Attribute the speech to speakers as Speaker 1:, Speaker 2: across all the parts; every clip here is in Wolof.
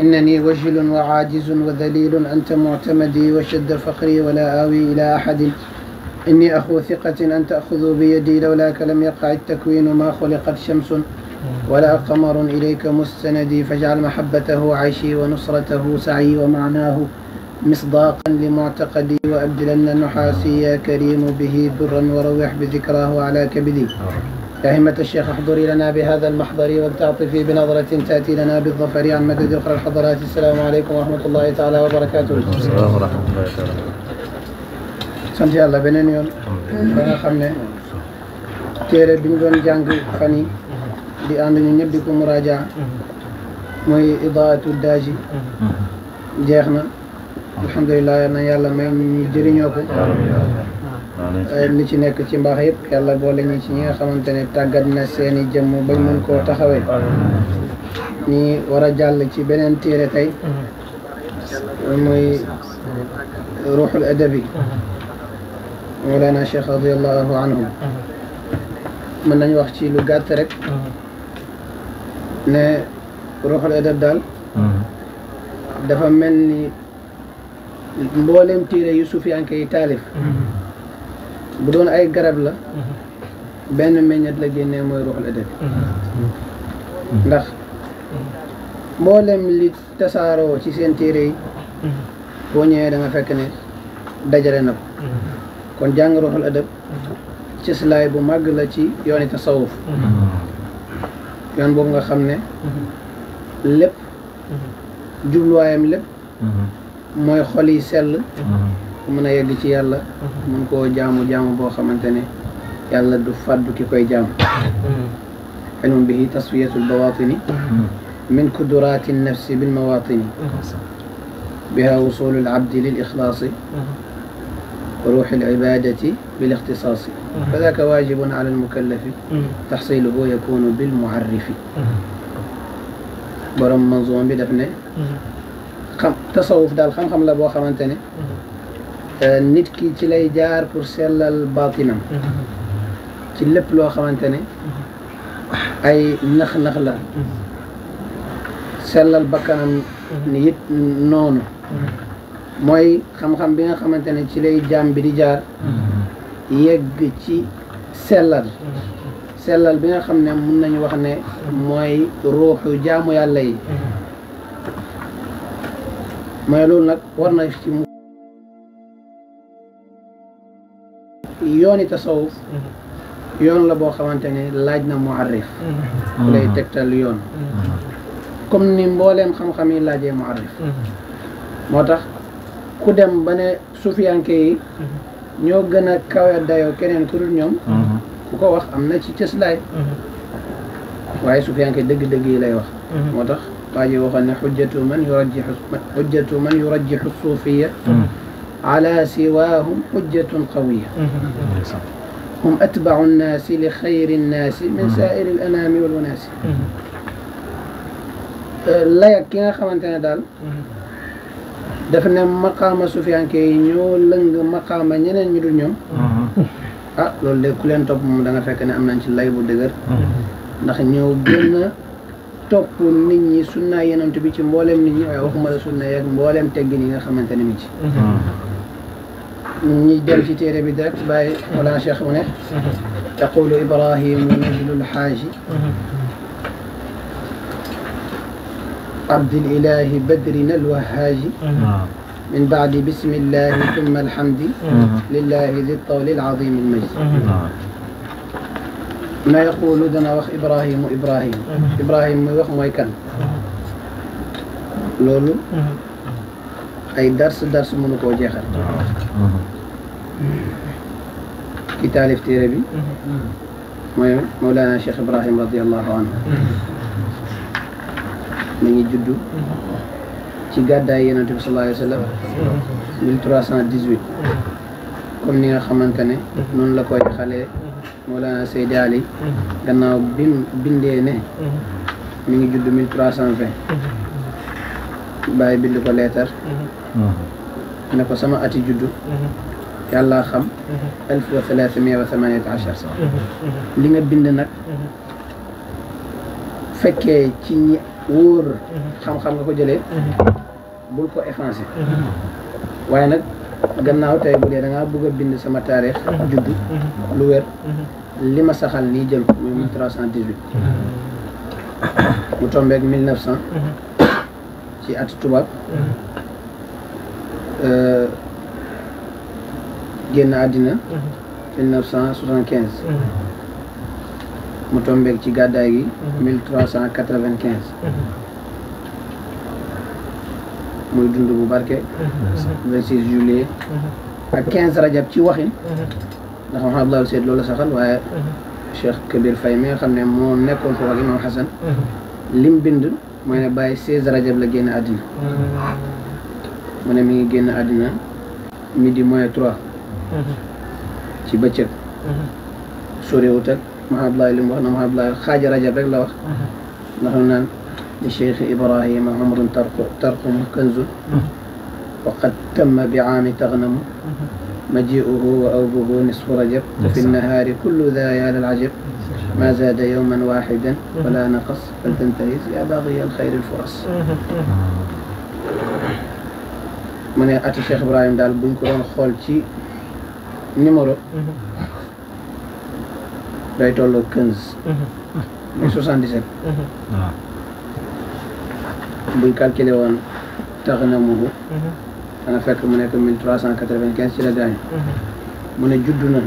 Speaker 1: إنني وجل وعاجز وذليل أنت معتمدي وشد فقري ولا آوي إلى أحد إني أخو ثقة أن تأخذوا بيدي لولاك لم يقع التكوين ما خلقت شمس ولا قمر إليك مستندي فاجعل محبته عيشي ونصرته سعي ومعناه مصداقا لمعتقدي وأبدلن نحاسي يا كريم به برا وروح بذكراه على كبدي يا أهمة الشيخ احضري لنا بهذا المحضر والتعطفي بنظرة تأتي لنا بالظفر عن مدد أخرى الحضرات السلام عليكم ورحمة الله تعالى وبركاته السلام
Speaker 2: ورحمة الله تعالى
Speaker 1: سنتي الله بنينيون بنا خمنا تيري بنجون جانج فني دي آن دي نبدكو مراجع إضاءة الداجي جيخنا الحمد لله يا الله ما يجري li ci nekk ci mbaax yëpp yàlla boole ñu ci ñi nga xamante ne tàggat na seen i jëmm bañ mën koo taxawee ñi war a jàll ci beneen téere tey muy ruuxul adabi Mawlana Cheikh radiallahu anhu mën nañ wax ci lu gàtt rek ne ruuxul adab daal dafa mel ni mboolem téere yu suufiyanke yi taalif bu doon ay garab la mhm. benn meññet la génnee mooy ruux la
Speaker 2: mhm.
Speaker 1: ndax mboolem li tasaaroo ci seen téere yi mhm. boo ñëwee da fekk ne dajale na ko kon jàng ruuxul adab cëslaay bu màgg la ci yooni tasawuf yoon boobu nga xam ne lépp jubluwaayam lépp mooy xol yi sell ku mën a yegg ci yàlla mën koo jaamu jaamu boo xamante ne yàlla du fàddu ki koy jaamu ilmun bihi tasfiyatul bawaatini min kudraati nafsi bil mawaatini biha wusulu alabdi lil ixlaasi وروح العبادة بالاختصاص فذاك واجب على المكلف تحصيله يكون بالمعرف borom manzoom bi def ne xam tasawuf daal xam-xam la boo xamante Euh, nit ki ci lay jaar pour sellal baatinam
Speaker 2: mm-hmm.
Speaker 1: ci lépp loo xamante ne mm-hmm. ay nax-nax la mm-hmm. sellal bakkanam ni it noonu mooy xam-xam bi nga xamante ne ci lay jaam bi di jaar yegg ci sellal sellal bi nga xam ne mun nañu wax ne mooy ruuxu jaamu yàlla yi mooy loolu nag war na ci yooni tasawuf
Speaker 2: mm-hmm.
Speaker 1: yoon la boo xamante ne laaj na muarrif mm-hmm. lay mm-hmm. tegtal yoon comme ni mbooleem xam-xam yi laajee muarrif moo tax ku dem ba ne sufiyanke yi ñoo gën a kawe dayoo keneen ku dul ñoom ku ko wax am na ci cëslaay waaye sufiyanke dëgg-dëgg yi lay wax moo tax waa ji waxoon ne xujjatu man yurajjixu xujjatu suufiya على سواهم حجة قوية هم أتبع الناس لخير الناس من سائر الأنام والوناس أه، لا يكينا خمانتنا دال دفن مقام سفيان كينيو لنغ مقام نينن نيدو نيوم اه لول دي كولين توب مو داغا فك ني امنا نتي لاي بو دغر ناخ نيو بن توب نيت ني سنة يننتي بي تي مبولم نيت ني واخما سنة ياك مبولم تيغي نيغا خمانتني مي تي ñuy dem ci téere bi direct bàyyi wala cheikh mu ne taqulu عبد الإله بدرنا الوهاج من بعد بسم الله ثم الحمد لله ذي الطول العظيم المجد ما يقول دنا وخ إبراهيم إبراهيم إبراهيم وخ ما كان لولو أي درس درس منو كو جيخال ki taalif téere bi mhm, mhm. mooy Mawlana Cheikh Ibrahim radiallahu anhu mhm. mi ngi judd ci gàddaay yonent bi sallallahu alayhi wa ni nga xamante ne noonu la koy xale Mawlana Seydi gannaaw bindee ne mi ngi judd mille trois cent vingt bind ko leetar ne ko sama ati juddu يلا خم 1318 ليغا بند نا فكي تي ني وور خم خم غاكو جيلي بول كو افانسي واي نا غناو تاي بولي داغا بوغا بند سما تاريخ جودو لو وير لما سخال لي جيل 1318 mu tombé ak 1900 ci at tubab euh génn àddina. 1975. Mhm. Mhm. mu tombeeg ci gàddaay gi. 1395. Mhm. muy dund bu barke. 26 juillet. ak 15 rajab ci waxin. ndax Mouhamed Abdoulaye Seyd loolu saxal waaye. Cheikh Kabir Faye mi ne moo nekkoon foofu ak Imam Hassan. lim bind mooy ne bàyyi 16 rajab la génn àddina. mu ne mi ngi génn àddina midi moins 3. ci bëccëg suré wutal ma hablay lim wax na ma hablay xaja rajab rek la wax ndax naan li sheikh ibrahim umr tarqu وقد تم بعام تغنم مجيئه وأوبه نصف رجب وفي النهار كل ذا يال العجب ما زاد يوما واحدا ولا نقص فلتنتهي يا باغي الخير الفرص من أتي الشيخ إبراهيم دال بنكرون خولتي numéro. Mhm. day toll ak quinze.
Speaker 2: Mhm. soixante-dix-sept. Mhm.
Speaker 1: Ah. buñ calculé woon tax na mu. dana fekk mu nekk mille trois cent quatre-vingt-quinze ci la gaañu. mu ne juddu na.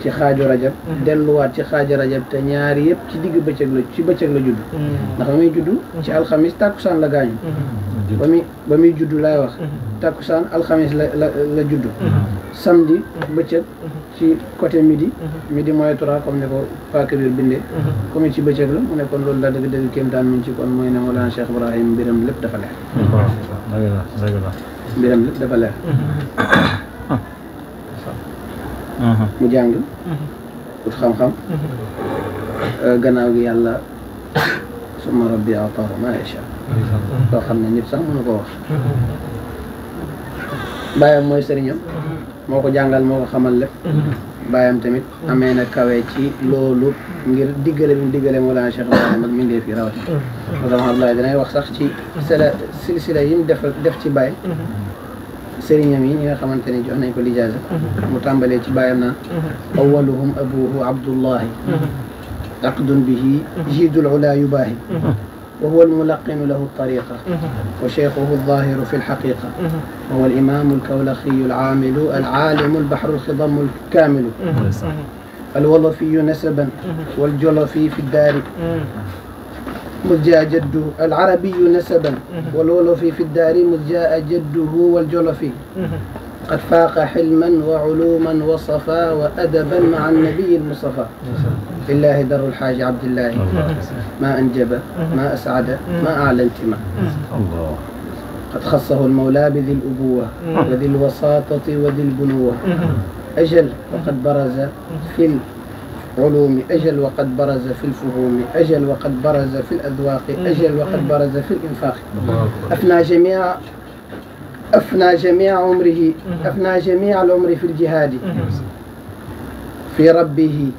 Speaker 1: ci xaaju rajab mhm. delluwaat ci xaaju rajab te ñaari yëpp ci digg bëccëg la ci bëccëg la judd mhm. ndax ba muy judd mhm. ci alxamis tàkkusaan la gaañu ba muy ba muy judd laay wax tàkkusaan alxamis la la la judd samedi bëccëg ci côté midi midi mooy trois comme ne ko paaka biir bindee comme ci bëccëg la mu ne kon loolu la dëgg dëgg kéem daan ci kon mooy ne Mawlana Cheikh Ibrahim mbiram mbiram lépp dafa leer mu jàng ut xam-xam euh, gannaaw gi yàlla suma rabbi atahu ma yasha loo xam ne nit sax mënu ko wax bàyyam mooy sëriñam moo ko jàngal moo ko xamal lépp bàyyam tamit amee na kawe ci loolu ngir diggale bi diggale Mawlana Cheikh Ibrahima ak mindee fii rawati moo tax Abdoulaye dinay wax sax ci sila silsila yi def ci bàyyi سيرين يمين يا خمان تاني جو هناي كل جازة مطعم بليج بايمنا أولهم أبوه عبد الله عقد به جيد العلا يباهي وهو الملقن له الطريقة وشيخه الظاهر في الحقيقة هو الإمام الكولخي العامل العالم البحر الخضم الكامل الولفي نسبا والجلفي في الدار مذ جاء جده العربي نسبا والولفي في الدار مذ جاء جده والجلفي قد فاق حلما وعلوما وصفا وأدبا مع النبي المصطفى لله در الحاج عبد الله ما أنجب ما أسعد ما أعلى انتماء الله قد خصه المولى بذي الأبوة وذي الوساطة وذي البنوة أجل وقد برز في علوم أجل وقد برز في الفهوم أجل وقد برز في الأذواق أجل وقد برز في الإنفاق أفنى جميع أفنى جميع عمره أفنى جميع العمر في الجهاد في ربه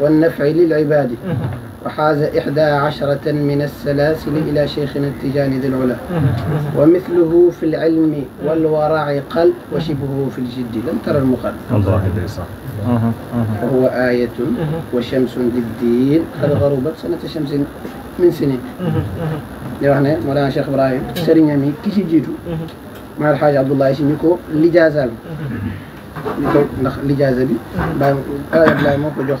Speaker 1: والنفع للعباد وحاز إحدى عشرة من السلاسل إلى شيخنا التجاني ذي العلا ومثله في العلم والورع قل وشبهه في الجد لم ترى المقال وهو آية وشمس للدين قد غروبت سنة شمس من سنين يرحنا مولانا شيخ إبراهيم سرين يمي كيش جيدو مع الحاج عبد الله يشي نيكو لجازال نخ لجازبي باي آية مو كو جوخ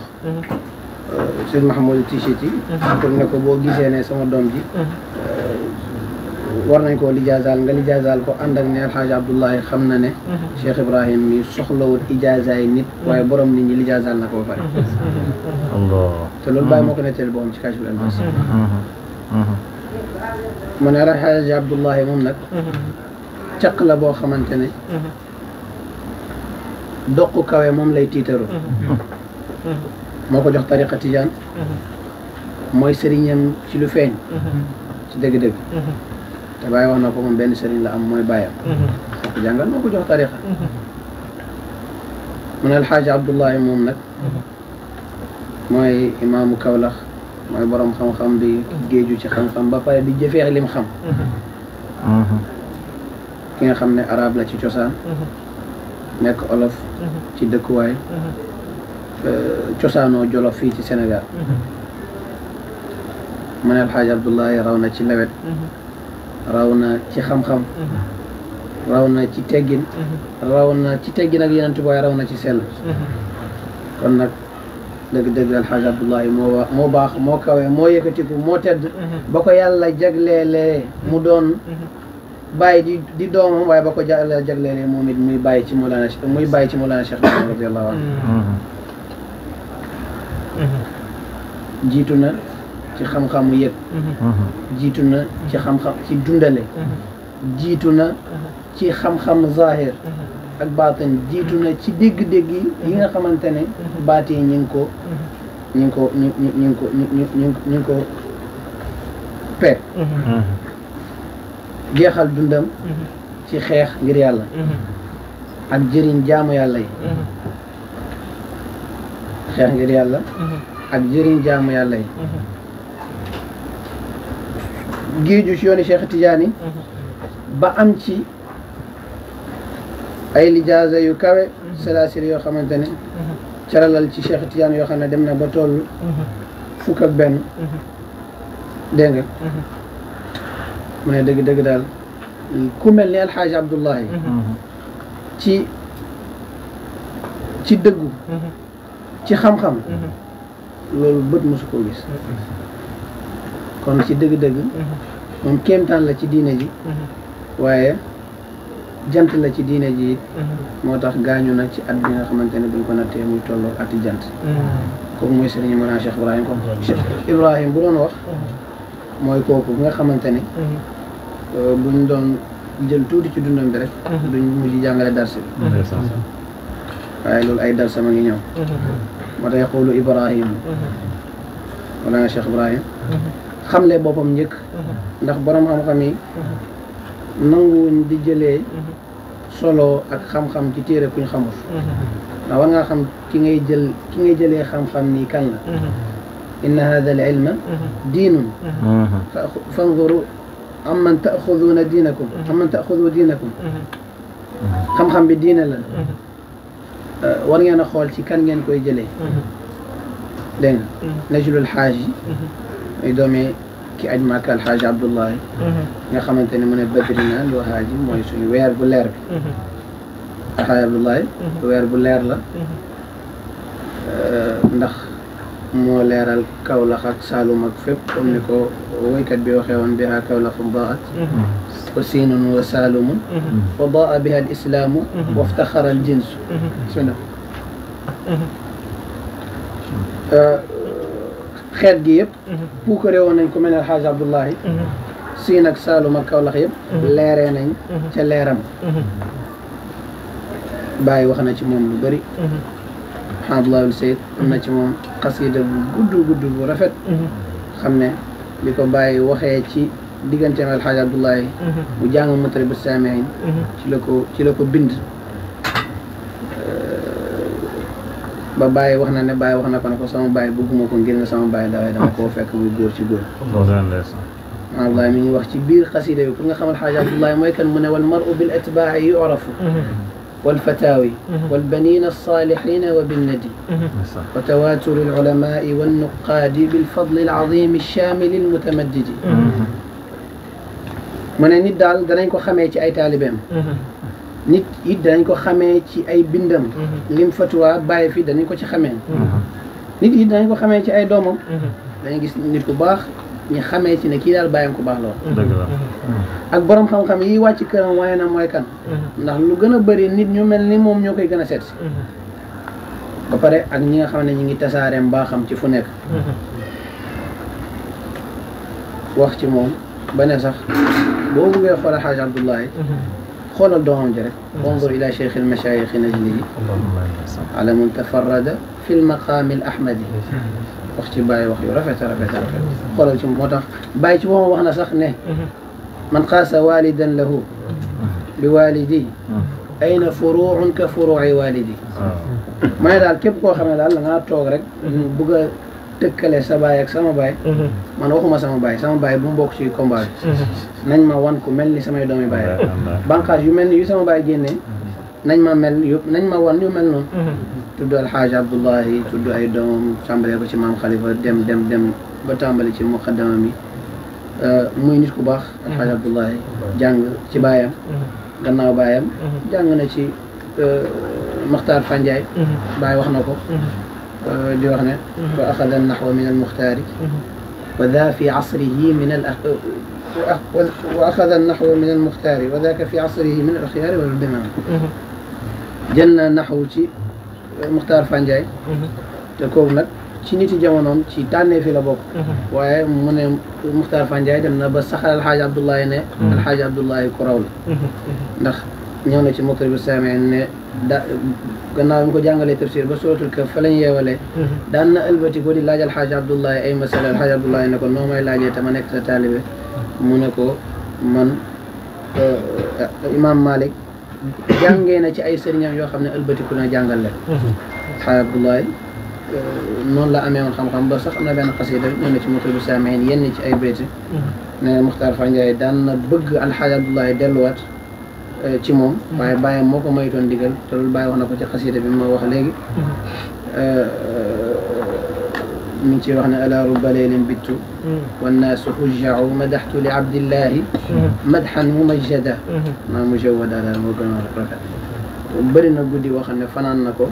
Speaker 1: Euh, sëñ Mahamadou Tichiti comme uh-huh. ne ko boo gisee ne sama doom ji uh-huh. euh, nañ ko ànd ak ne alxaaji abdullahi xam na ne uh-huh. Cheikh Ibrahim mi soxlawul ijaazaay nit waaye borom nit ñi lijaazaal na ko ba pare te loolu bàyyi moo ko nettali boppam ci Kaashiful
Speaker 2: Ilbaas
Speaker 1: mu ne alxaaji abdullahi moom nag caq la boo xamante ne doq kawe moom lay tiitaru moo ko jox tariqa tijaan mhm. mooy sëriñam ci lu feeñ mhm. ci dëgg-dëgg mhm. te bàyyi wax na ko moom benn sëriñ la am mooy bàyyam moo ko jàngal moo ko jox tariqa mu ne alxaaji abdullahi moom nag mooy imaamu kawlax mooy borom xam-xam bi géeju ci xam-xam ba pare di jëfee lim xam ki nga xam ne arab la ci cosaan nekk olof ci dëkkuwaay Eh, cosaanoo jolof fii ci Sénégal ma mm-hmm. Abdullahi raw ci lewet
Speaker 2: mm-hmm.
Speaker 1: raw na ci xam-xam mm-hmm. raw ci teggin raw ci teggin ak yeneen tubaab raw ci sell kon nag dëgg-dëgg alxaaj Abdullahi moo moo baax moo kawe moo yëkkatiku moo tedd ba ko yàlla mu doon bàyyi di di doomam waaye ba ko yàlla jagleelee ci Mawlana muy bàyyi ci Mawlana Cheikh jiitu na ci xam-xamu yëg
Speaker 2: mm-hmm.
Speaker 1: jiitu na ci xam-xam ci dundale
Speaker 2: mm-hmm.
Speaker 1: jiitu na mm-hmm. ci xam-xam zahir ak baatin jiitu na ci dégg-dégg yi nga xamante ne baat yi ñu ngi ko ñu ngi ko ñu ngi ko ñu ngi dundam ci xeex ngir yàlla ak jëriñ jaamu yàlla yi xeex ngir yàlla ak jëriñ jaamu yàlla yi géeju ci yooni Cheikh Tidiane ba am ci ay lijaasa yu kawe salaasir yoo xamante ne caralal ci Cheikh Tidiane yoo xam ne dem na ba toll fukk ak benn mu ne dëgg dëgg daal ku mel ni alxaaji Abdullahi ci ci ci xam-xam loolu bët mosu koo gis kon ci dëgg-dëgg moom kéemtaan la ci diine ji waaye jant la ci diine ji it moo tax gaañu na ci at bi nga xamante ne buñ ko nattee muy tolloo at jant kooku mooy sëriñ Mawlana Cheikh Ibrahim ko Cheikh Ibrahim bu doon wax mooy kooku bi nga xamante ne euh, buñ doon jël tuuti ci dundam bi rek duñ mujj jàngale darsi bi waaye loolu ay darsama ngi ñëw moo yaqulu ibrahim wala cheikh ibrahim xamle boppam njëkk ndax borom xam-xam yi nanguwuñ di jëlee solo ak xam-xam ci téere kuñ xamul ndax war ngaa xam ki ngay jël ki ngay jëlee xam-xam nii kan la inna hada al ilma diinun fanzuru am man taaxuduuna diinakum am man taaxudu diinakum xam-xam bi diine la أه، ورينا خالتي كان ين كوي جلي لين نجل الحاج يدومي كي اجما كان الحاج عبد الله يا خمنتني من بدرنا لو حاج موي سوني وير بولير الحاج عبد الله وير بولير لا أه، نخ مو ليرال كاولا خاك سالو ماك فيب كون نيكو وي كات بي واخي وان بها كاولا فضاءت وسين وسالم وضاء بها الاسلام وافتخر الجنس بسم الله خير جيب بوك ريون نكو من الحاج عبد الله سينك سالو ماك كاولا خيب ليرين تا ليرام باي واخنا تي موم لو بري محمد الله السيد نتيما قصيدة جدو جدو برفت خمنا لكم باي وخيتي ديجان تيم الحاج عبد الله وجان المطرب السامعين تلوكو تلوكو بند باباي وخنا نباي وخنا كنا كسام باي بقوم وكون جينا سام باي دواي دام كوفا كوي جور تجور الله من وقت كبير قصيدة يكون خم الحاج عبد الله ما يكون من والمرء بالاتباع يعرفه والفتاوي والبنين الصالحين وبالندي وتواتر العلماء والنقاد بالفضل العظيم الشامل المتمدد من نيت دال دا نكو خامي اي طالبين نيت يد دا نكو خامي اي بندم لم فتوى باي في دا نكو سي خامي نيت يد دا نكو خامي اي دومم دا نغي نيت كو باخ ñi xamee ci ne kii daal bàyyam ko baax la woon ak borom xam-xam yi wàcc këram waaye na mooy kan ndax lu gën a bëri nit ñu mel ni moom ñoo koy gën a seet si ba pare ak ñi nga xam ne ñi ngi tasaare mbaaxam ci fu nekk wax ci moom ba ne sax boo bëggee xoolal xaaj abdullahi xoolal doomam ji rek انظر إلى شيخ المشايخ نجله على من تفرد في المقام الأحمدي wax ci bàyyi wax yu rafet a rafet a rafet xoolal ci moo tax bàyyi ci boppam wax na sax ne man xaasa walidan lahu bi walidi ayna furuun ka furuuci walidi ma ne daal képp koo xam ne daal da ngaa toog rek bëgg a tëkkale sa baay ak sama baay man waxuma sama baay sama baay bu mu bokk ci combat bi nañ ma wan ku mel ni samay doomi baay banqaas yu mel ni yu sama baay génnee nañ ma mel yu nañ ma wan yu mel noonu tudd alxaaj abdullahi tudd ay doomam tàmbalee ko ci maam xalifa dem dem dem ba tàmbali ci muqaddama mi muy nit ku baax alxaaj abdullahi jàng ci baayam gannaaw baayam jàng na ci Maxtaar Fanjaay Baay wax na ko di wax ne wa axada naxwa min almuxtaari wa daa fi asrihi min al wa axada naxwa min almuxtaari wa daaka fi asrihi min al axyaari wal dimaam jël na naxaw ci Muxtaar Fanjaay te kooku nag ci niti jamonoom ci tànnee fi la bokk waaye mu ne Muxtaar Fanjaay dem na ba saxal alxaaji Abdullahi ne alxaaji Abdullahi ku raw la ndax ñëw na ci mokkari bi saamee ne da gannaaw bi mu ko jàngalee tafsir ba sootul ka fa lañ yeewalee daan na ëlbati ko di laaj alxaaji Abdullahi ay masala alxaaji Abdullahi ne ko noo may laajee te ma nekk sa taalibe mu ne ko man imaam Malik jàngee na ci ay sëriñam yoo xam ne ëlbatiku na jàngal leen mhm. xaay abdoulaye euh, noonu la amee woon xam-xam ba sax am na benn xasida ñëw na ci moto bi saameen yenn ci ay béyti mhm. ne Muxtaar Fanjaay daan na bëgg alxaaj abdoulaye delluwaat euh, ci moom mhm. waaye bàyyam moo ko maytoon digal te loolu bàyyi wax ko ci xasida bi ma wax léegi euh, من تيرهنا على رب ليل بت والناس حجعوا مدحت لعبد الله مدحا ممجدا ما مجود على موكنا ربك وبرنا قدي وخنا فنانكو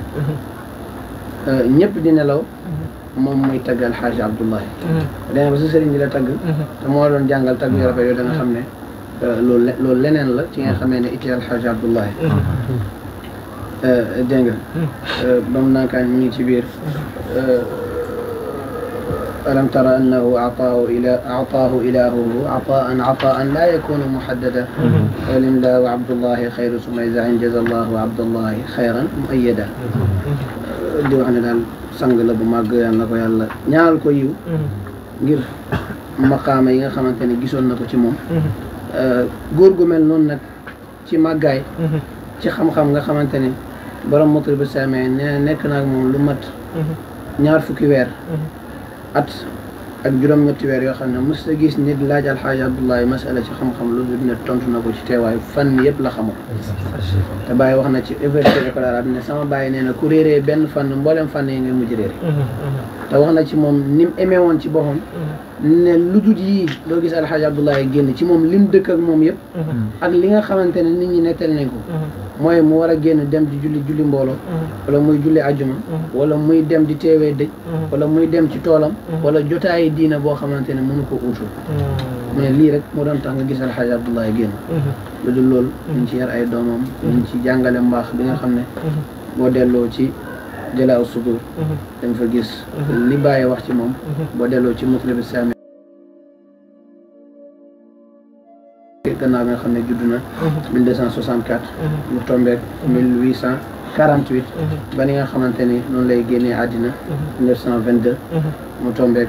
Speaker 1: آه، نيب دينا لو موم موي تاغال حاج عبد الله لا بس سيرين لا تاغ تما دون جانغال تاغ يرافا يو دانا خامني آه، لول لنين لا تيغا خامي ني اتيال حاج عبد الله آه، دينغ بامنا كان ني تي بير ألم ترى أنه أعطاه إلى أعطاه إلهه عطاء عطاء لا يكون محددا ألم لا وعبد الله خير ثم إذا أنجز الله عبد الله خيرا مؤيدا دو أنا دال سانغلا بما غيا نكو يالا نيال كو يو غير مقام ييغا خامتاني غيسون نكو تي موم ا غور غو مل نون نك تي ماغاي تي خام خام خامتاني بروم مطرب سامي نيك نا موم لو مات ñaar fukki weer at ak juróom-ñetti weer yoo xam ne mës a gis nit laaj alxaaji abdullahi masala ci xam-xam lu dul ne tontu na ko ci teewaay fan yëpp la xamul te bàyyi wax na ci ouverture école arabe ne sama bàyyi nee na ku réeree benn fànn mboolem fànn yi nga mujj réere te wax na ci moom ni mu amee woon ci boppam ne lu dul yii doo gis alxaaji abdullahi génn ci moom lim dëkk ak moom yëpp ak li nga xamante ne nit ñi nettali nañ ko mooy mu war a génn dem di julli julli mbooloo wala muy julli ajuma wala muy dem di teewee dëj wala muy dem ci toolam wala jotaay مدينة بوخامانتين منكو أوشو آه. من ليرك مودان تانغ جيس الحاج عبد الله يجين لدول لول من شير أي دومم من شي جانغال مباخ بينا خمنا بودل لو شي جلا أسطور دم فجيس اللي باي وقت مم بودل لو شي مطلب السامي كنا من خمسة جدنا 1964 مطمئن 1848 بنيا خمسة تاني نون لي جيني عدنا 1922 مطمئن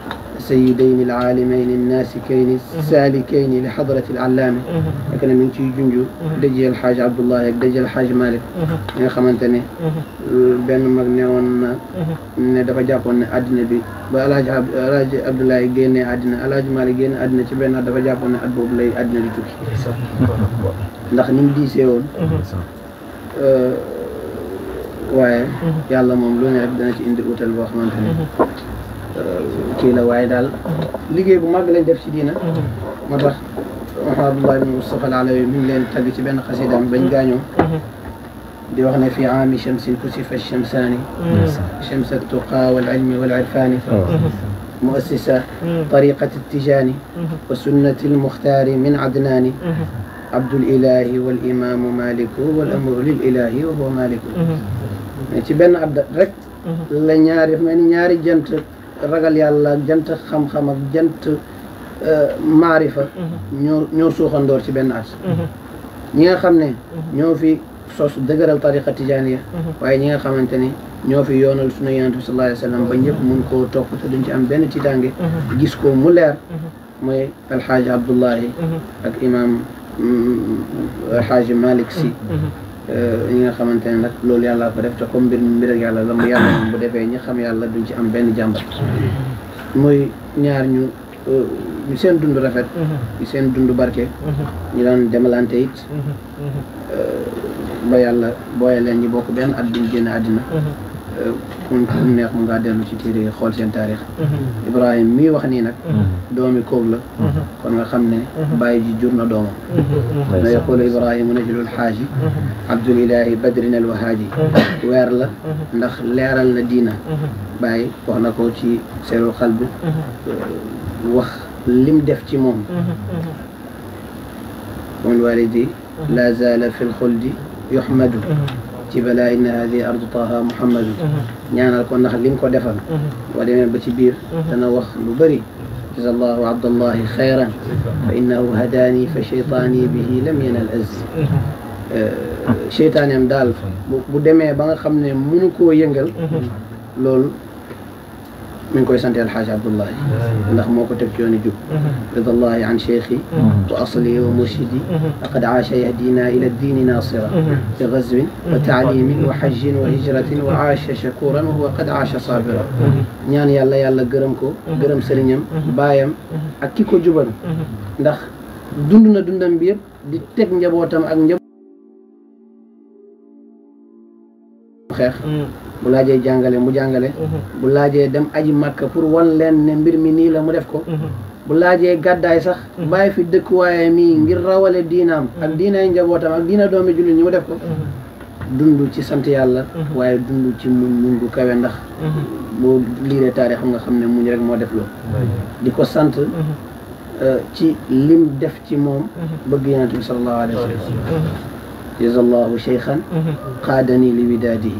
Speaker 1: سيدين العالمين الناسكين السالكين لحضرة العلامة لكن من تي جنجو دجي الحاج عبد الله دجي الحاج مالك يا خمنتني بين مغنيون ان جابون ادنا بي بالاج راج عبد الله يغني ادنا الاج مالك يغني ادنا تي بين دفا جابون اد بوب لي ادنا لي توكي ndax nim di seewon
Speaker 2: euh
Speaker 1: waye yalla mom lu ne rek dana ci indi hotel bo xamanteni كي لا واي دال ليغي دينا ما محمد الله بن مصطفى العلوي من لين تالي قصيده ام بن في عام شمس الكسف الشمساني شمس التقى والعلم والعرفان مؤسسة طريقة التجاني وسنة المختار من عدنان عبد الإله والإمام مالك والأمر للإله وهو مالك تبين عبد رك لنياري من نياري جنتك ragal yàlla ak jant xam-xam ak jant euh, maarifa mm-hmm. ñoo ñoo suuxandoor ci benn at mm-hmm. ñi nga xam ne mm-hmm. ñoo fi sos dëgëral tariqa tijaaniya waaye ñi nga xamante ni ñoo fi yoonal sunu yonent bi sallallahu alayhi wa sallam ba ñëpp mun koo topp te duñ ci am benn tiitaange gis ko mu leer mooy alxaaji abdullahi ak imam mm, alxaaji malik si yi euh, nga xamante ne nag loolu yàlla ko def te comme mbir mbir ak yàlla la mu yàlla bu defee ñi xam yàlla duñ ci am benn jàmbat mooy ñaar ñu ñu euh, seen dund rafet ñu mm-hmm. seen dund barke
Speaker 2: mm-hmm.
Speaker 1: ñu daan demalante it
Speaker 2: mm-hmm.
Speaker 1: Euh, ba yàlla booy leen ñu bokk benn at biñ génn àddina ku neex mu ngaa dellu ci téere yi xool seen taarix Ibrahima mii wax nii nag doomi kóob la kon nga xam ne bàyyi ji jur na doomam na yaqulu Ibrahima najlul xaaji abdul ilaahi badrin al wahaaji weer la ndax leeral na diina bàyyi wax na ko ci seerul xal bi wax lim def ci moom wal walidi la zala fi lxuldi yuhmadu ci balaa inna hadi ardu taaha muhammadu ñaanal ko ndax li nga ko defal boo demee ba ci biir dana wax lu bëri جزا الله عبد الله خيرا فإنه هداني فشيطاني به لم ينل عز شيطان يم دال bu demee ba nga xam ne mënu koo yëngal loolu من كويس أنت الحاج عبد الله الله ما كتب جوني جو رضا الله عن شيخي وأصلي ومرشدي لقد عاش يهدينا إلى الدين ناصرا بغزو وتعليم وحج وهجرة وعاش شكورا وهو قد عاش صابرا نياني الله يلا قرمكو قرم سرينيم بايم أكيكو جبن دخ دندنا دندن بير دي تك نجابوتم أك xeex mm. bu laajee jàngale mu jàngale mm-hmm. bu laajee dem aji màkk pour wan leen ne mbir mi nii la mu def ko mm-hmm. bu laajee gàddaay sax mm-hmm. bàyyi fi dëkk dëkkuwaaye mii ngir rawale diinaam ak diinaay njabootam ak diina doomi jullit ñi mu def ko dund ci sant yàlla waaye dund ci muñ muñ bu kawe ndax boo liiree taarix nga xam ne muñ rek moo def loolu di ko sant euh, ci lim def ci moom bëgg yonent bi sallallahu alayhi جزا الله شيخا قادني لوداده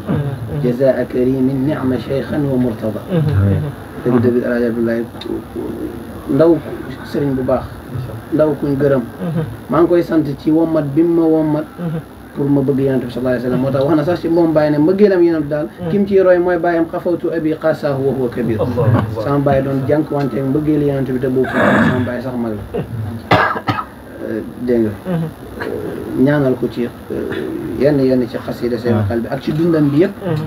Speaker 1: جزاء كريم نعم شيخا ومرتضى تبدا dëgg بالله لو سرين بباخ لو كن قرم ما kuñ gërëm تي ngi بما sant pour ma bëgg yonent bi sallallahu alayhi wasallam moo tax wax sax ci mom baye ne ma mbëggeelam yonent dal kim ci roy moy bayam xafawtu abi qasah wa huwa kabir sam sama bàyyi doon jànkuwante mbëggeeli yonent bi te bokku sam baye sax mag la deng ñaanal ko ci euh, yenn yenn ci xasida seen ah. xal bi ak ci dundam bi yëpp mhm.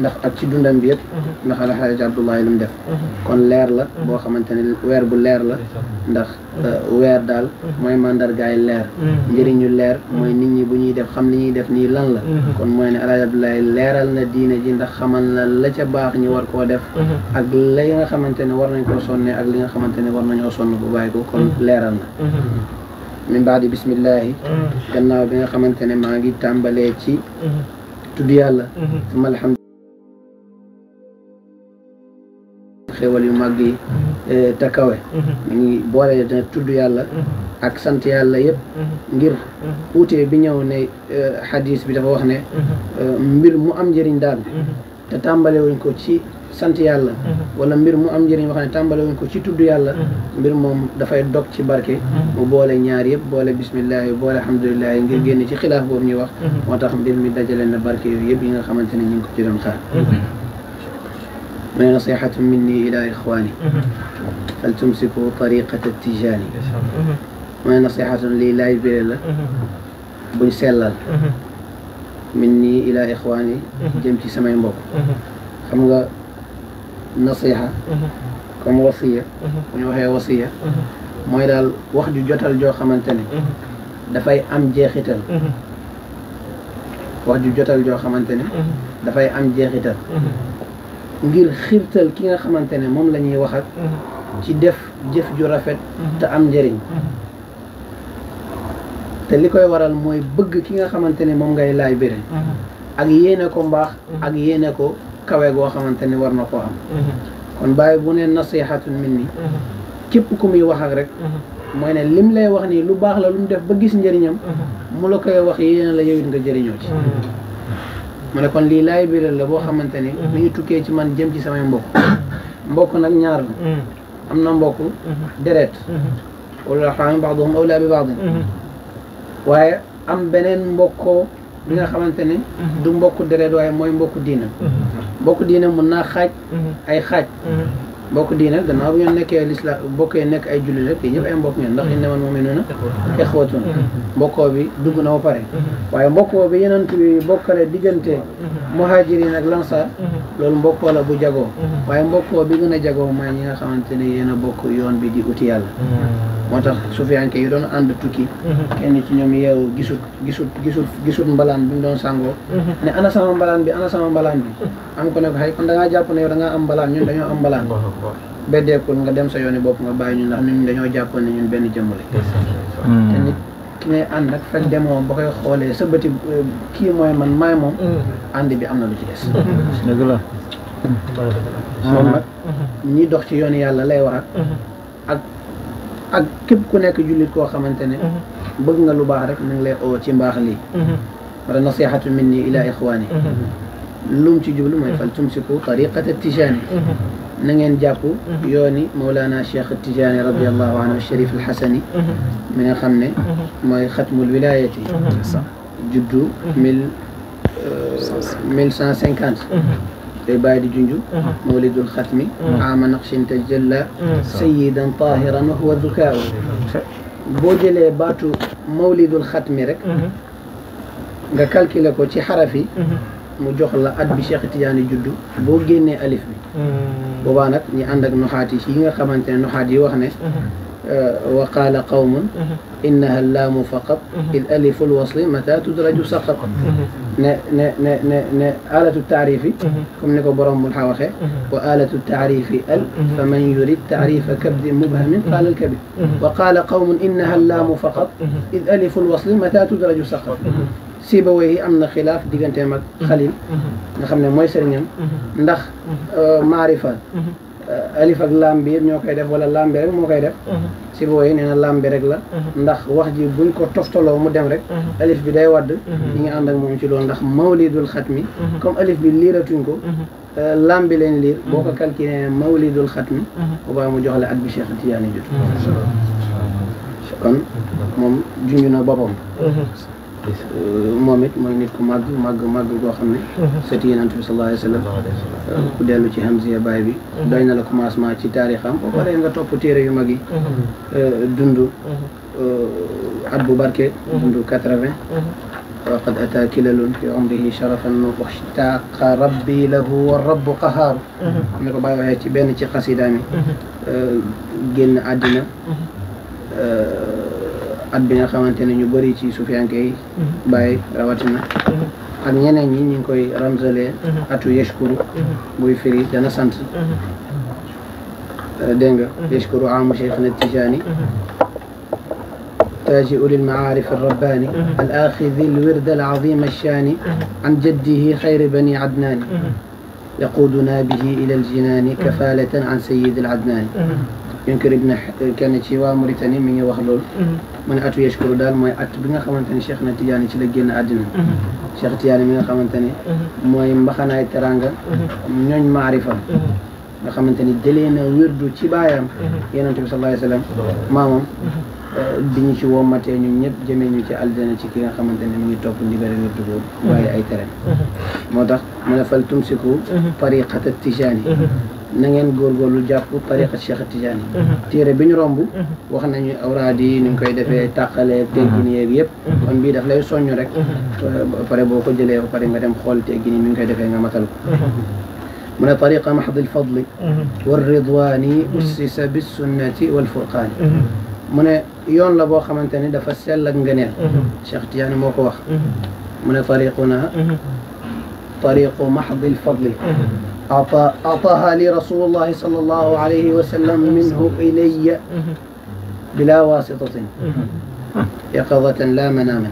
Speaker 1: ndax ak ci dundam bi yëpp mhm. ndax alxaaji abdullahi lu def mhm. kon leer la boo xamante ne weer bu leer la ndax euh, weer daal mooy mandargaay leer njëriñu leer mooy nit ñi bu ñuy def xam li ñuy def nii lan la kon mooy ne alxaaji abdullahi leeral na diine ji ndax xamal na la ca baax ñu war koo def ak la nga xamante ne war nañ koo sonne ak li nga xamante ne war nañoo sonn bu bàyyi ko kon leeral na min baadi bismillahi mm. gannaaw bi xamante ne maa ngi tàmbalee ci mm-hmm. tudd yàlla mm-hmm. suma alhamdu xéwal yu màgg yi mm-hmm. eh, te kawe mi ngi boole na tudd yàlla ak yàlla yëpp ngir uutee bi ñëw ne hadis eh, bi dafa wax ne eh, mbir mu am daal تتامبالي وينكو تي سانت يالا ولا مير مو ام جيرين واخا تامبالي وينكو تي تود يالا مير موم دا فاي دوك تي باركي مو بولا ñaar yeb بولا بسم الله بولا الحمد لله ngir genn ci khilaf bo ñi wax mhm. motax mbir mi dajale na barke yoy yeb yi nga xamanteni ñing ko ci doon xaar من نصيحة مني إلى إخواني فلتمسكوا طريقة التجاني من نصيحة لي لا يبير الله بني مني الى اخواني جمتي سماي مبوك خمغا نصيحه كم وصيه بني وهي وصيه موي دال واخ جو جوتال جو خمانتاني دا فاي ام جيختال واخ جو جوتال جو خمانتاني دا فاي ام جيختال ngir xirtal ki nga xamantene mom lañuy waxat ci def jëf ju rafet ta am njëriñ te li koy waral mooy bëgg ki nga xamante ne moom ngay laay béré uh-huh. ak yéene ko mbaax uh-huh. ak yéene ko kawe goo xamante ne war na koo am uh-huh. kon bàyyi bu ne nasihatun minni képp ku muy rek mooy ne lim lay wax nii lu baax la lu mu def ba gis njëriñam mu koy wax yéene la yow it nga jëriñoo ci mu kon lii laay biral la boo xamante ni mi ngi ci man jëm ci samay mbokk mbokk nag ñaar na mbokk deret baax bi baax waaye am beneen mbokkoo bi nga xamante ne du mbokk deret waaye mooy mbokku diina mm-hmm. mbokku diina mën naa xaaj mm-hmm. ay xaaj mm-hmm. mbokk diina gannaaw bu ngeen nekkee lislaam bokkee nekk ay julli rek yi ñëpp ay mbokk ngeen ndax li ne moom noonu exwatun bi dugg na ba pare waaye mbokkoo bi yeneen bi bokkale diggante muhajirin ak lansar loolu mbokkoo la bu jagoo waaye mbokkoo bi gën a jagoo mooy ñi nga xamante ne a bokk yoon bi di uti yàlla moo tax sufiyanke yi doon ànd tukki kenn ci ñoom yeewu gisut gisut gisut mbalaan bi mu doon sàngoo ne ana mbalaan bi ana sama mbalaan bi am ko ne ko xëy kon da jàpp ne yow da am mbalaan ñun dañoo am mbalaan beddeekul nga dem sa yooni bopp nga bàyyi ñu ndax ñun dañoo jàppoon ne ñun benn jëmm lañ te nit ki ngay ànd ak fekk demoo ba koy xoolee sa bëti kii mooy man maay moom ànd bi am na lu ci des
Speaker 2: dëgg la moom nag
Speaker 1: ñi dox ci yooni yàlla lay wax ak ak képp ku nekk jullit koo xamante ne bëgg nga lu baax rek mu ngi lay oo ci mbaax lii wala nasihatu minni ila ixwaani lum ci jublu mooy fal tumsiku tariqata tijaani نين جابو يوني مولانا الشيخ التجاني رضي الله عنه الشريف الحسني من خمنة ما ختم الولاية جدو مل مل سنة سنكان بعد جنجو مولد الختمي عام نقش تجلى سيدا طاهرا وهو ذكاء بوجل باتو مولد الختمي رك غكالكي لكو تي حرفي mu jox la at bi Cheikh Tidiane juddu boo génnee alif bi boobaa nag ñu ànd ak noxaat yi yi nga xamante ne noxaat yi wax ne wa qaala qawmun innaha laamu faqat il alifu lwasli mata tudraju saqat ne ne ne ne ne alatu taarifi comme ni ko borom mun xa waxee wa alatu taarifi al fa man yurid taarifa kabdin mubhamin qaala alkabid wa qaala qawmun innaha laamu faqat il alifu lwasli mata tudraju saqat سيبوي أمن خلاف دين تيمك خليل نخمن موي سرنيم ندخ معرفة ألف أعلام بير نيو كيدا ولا لام بير مو كيدا سيبويه نحن لام بير غلا ندخ واحد يبون كتوف تلو مو دم رك ألف بداية ورد دين عندك مو يشلو موليد الختمي كم ألف بليرة تونكو لام بلين لير بوكا كالكين موليد الختمي وبا مجهل أدب شيخ تياني جد شكرا مم جنجنا بابام Euh, moom it mooy nit ku màgg màgg màgg goo xam ne sëti mhm. yonent bi sallallahu alayhi wa sallam euh, ku dellu ci Hamziya baay bi mhm. doy na la commencement ci taarixam boo paree nga topp téere yu mag yi mhm. euh, dund at bu barke dund quatre-vingt waqad ataa kilalun fi umrihi sharafan waxtaaqa rabbi lahu wa rabbu qahaaru ñu ci benn ci xasidaami génn at bi nga xamante ne ñu bëri ci sufiyanke yi bàyyi rawatina ak ñeneen ñi ñu ngi koy ramzalee atu yashkuru buy firi dana sant dégg nga yashkuru amu cheikh na tijaani تاجئ للمعارف الرباني الآخذ الورد العظيم الشاني عن جده خير بني عدنان يقودنا به إلى الجنان كفالة عن سيد العدنان ينكر ابن كان تيوا موريتاني مي واخ لول من اتو يشكر دال موي ات بيغا خامتاني شيخنا تياني سي لا ген ادنا شيخ تياني مي خامتاني موي مبخناي ترانغا نيون معرفه نا خامتاني دلينا ويردو تي بايام يونس صلى الله عليه وسلم مام بيني أه، سي وماتي نيون نيب جيمي نيو تي الجنه تي كيغا خامتاني مي توك ليبر نيو دغور واي اي تران موتاخ من فلتمسكو طريقه التجاني نعين غور غور لجابو طريقة الشيخ تجاني تيري بين رومبو وخنا نجي أورادي نمكاي دفع تاكل تيجيني يبيب كم بيد أفلاي سونيو رك فري بوكو جلي فري مدام خال تيجيني نمكاي دفع نعم من طريقة محض الفضل والرضوان أسس بالسنة والفرقان من يون لبو خمنتني دفع سيل لنجنير شيخ تجاني موكو من طريقنا طريق محض الفضل أعطاها لي رسول الله صلى الله عليه وسلم منه إلي بلا واسطة يقظة لا مناما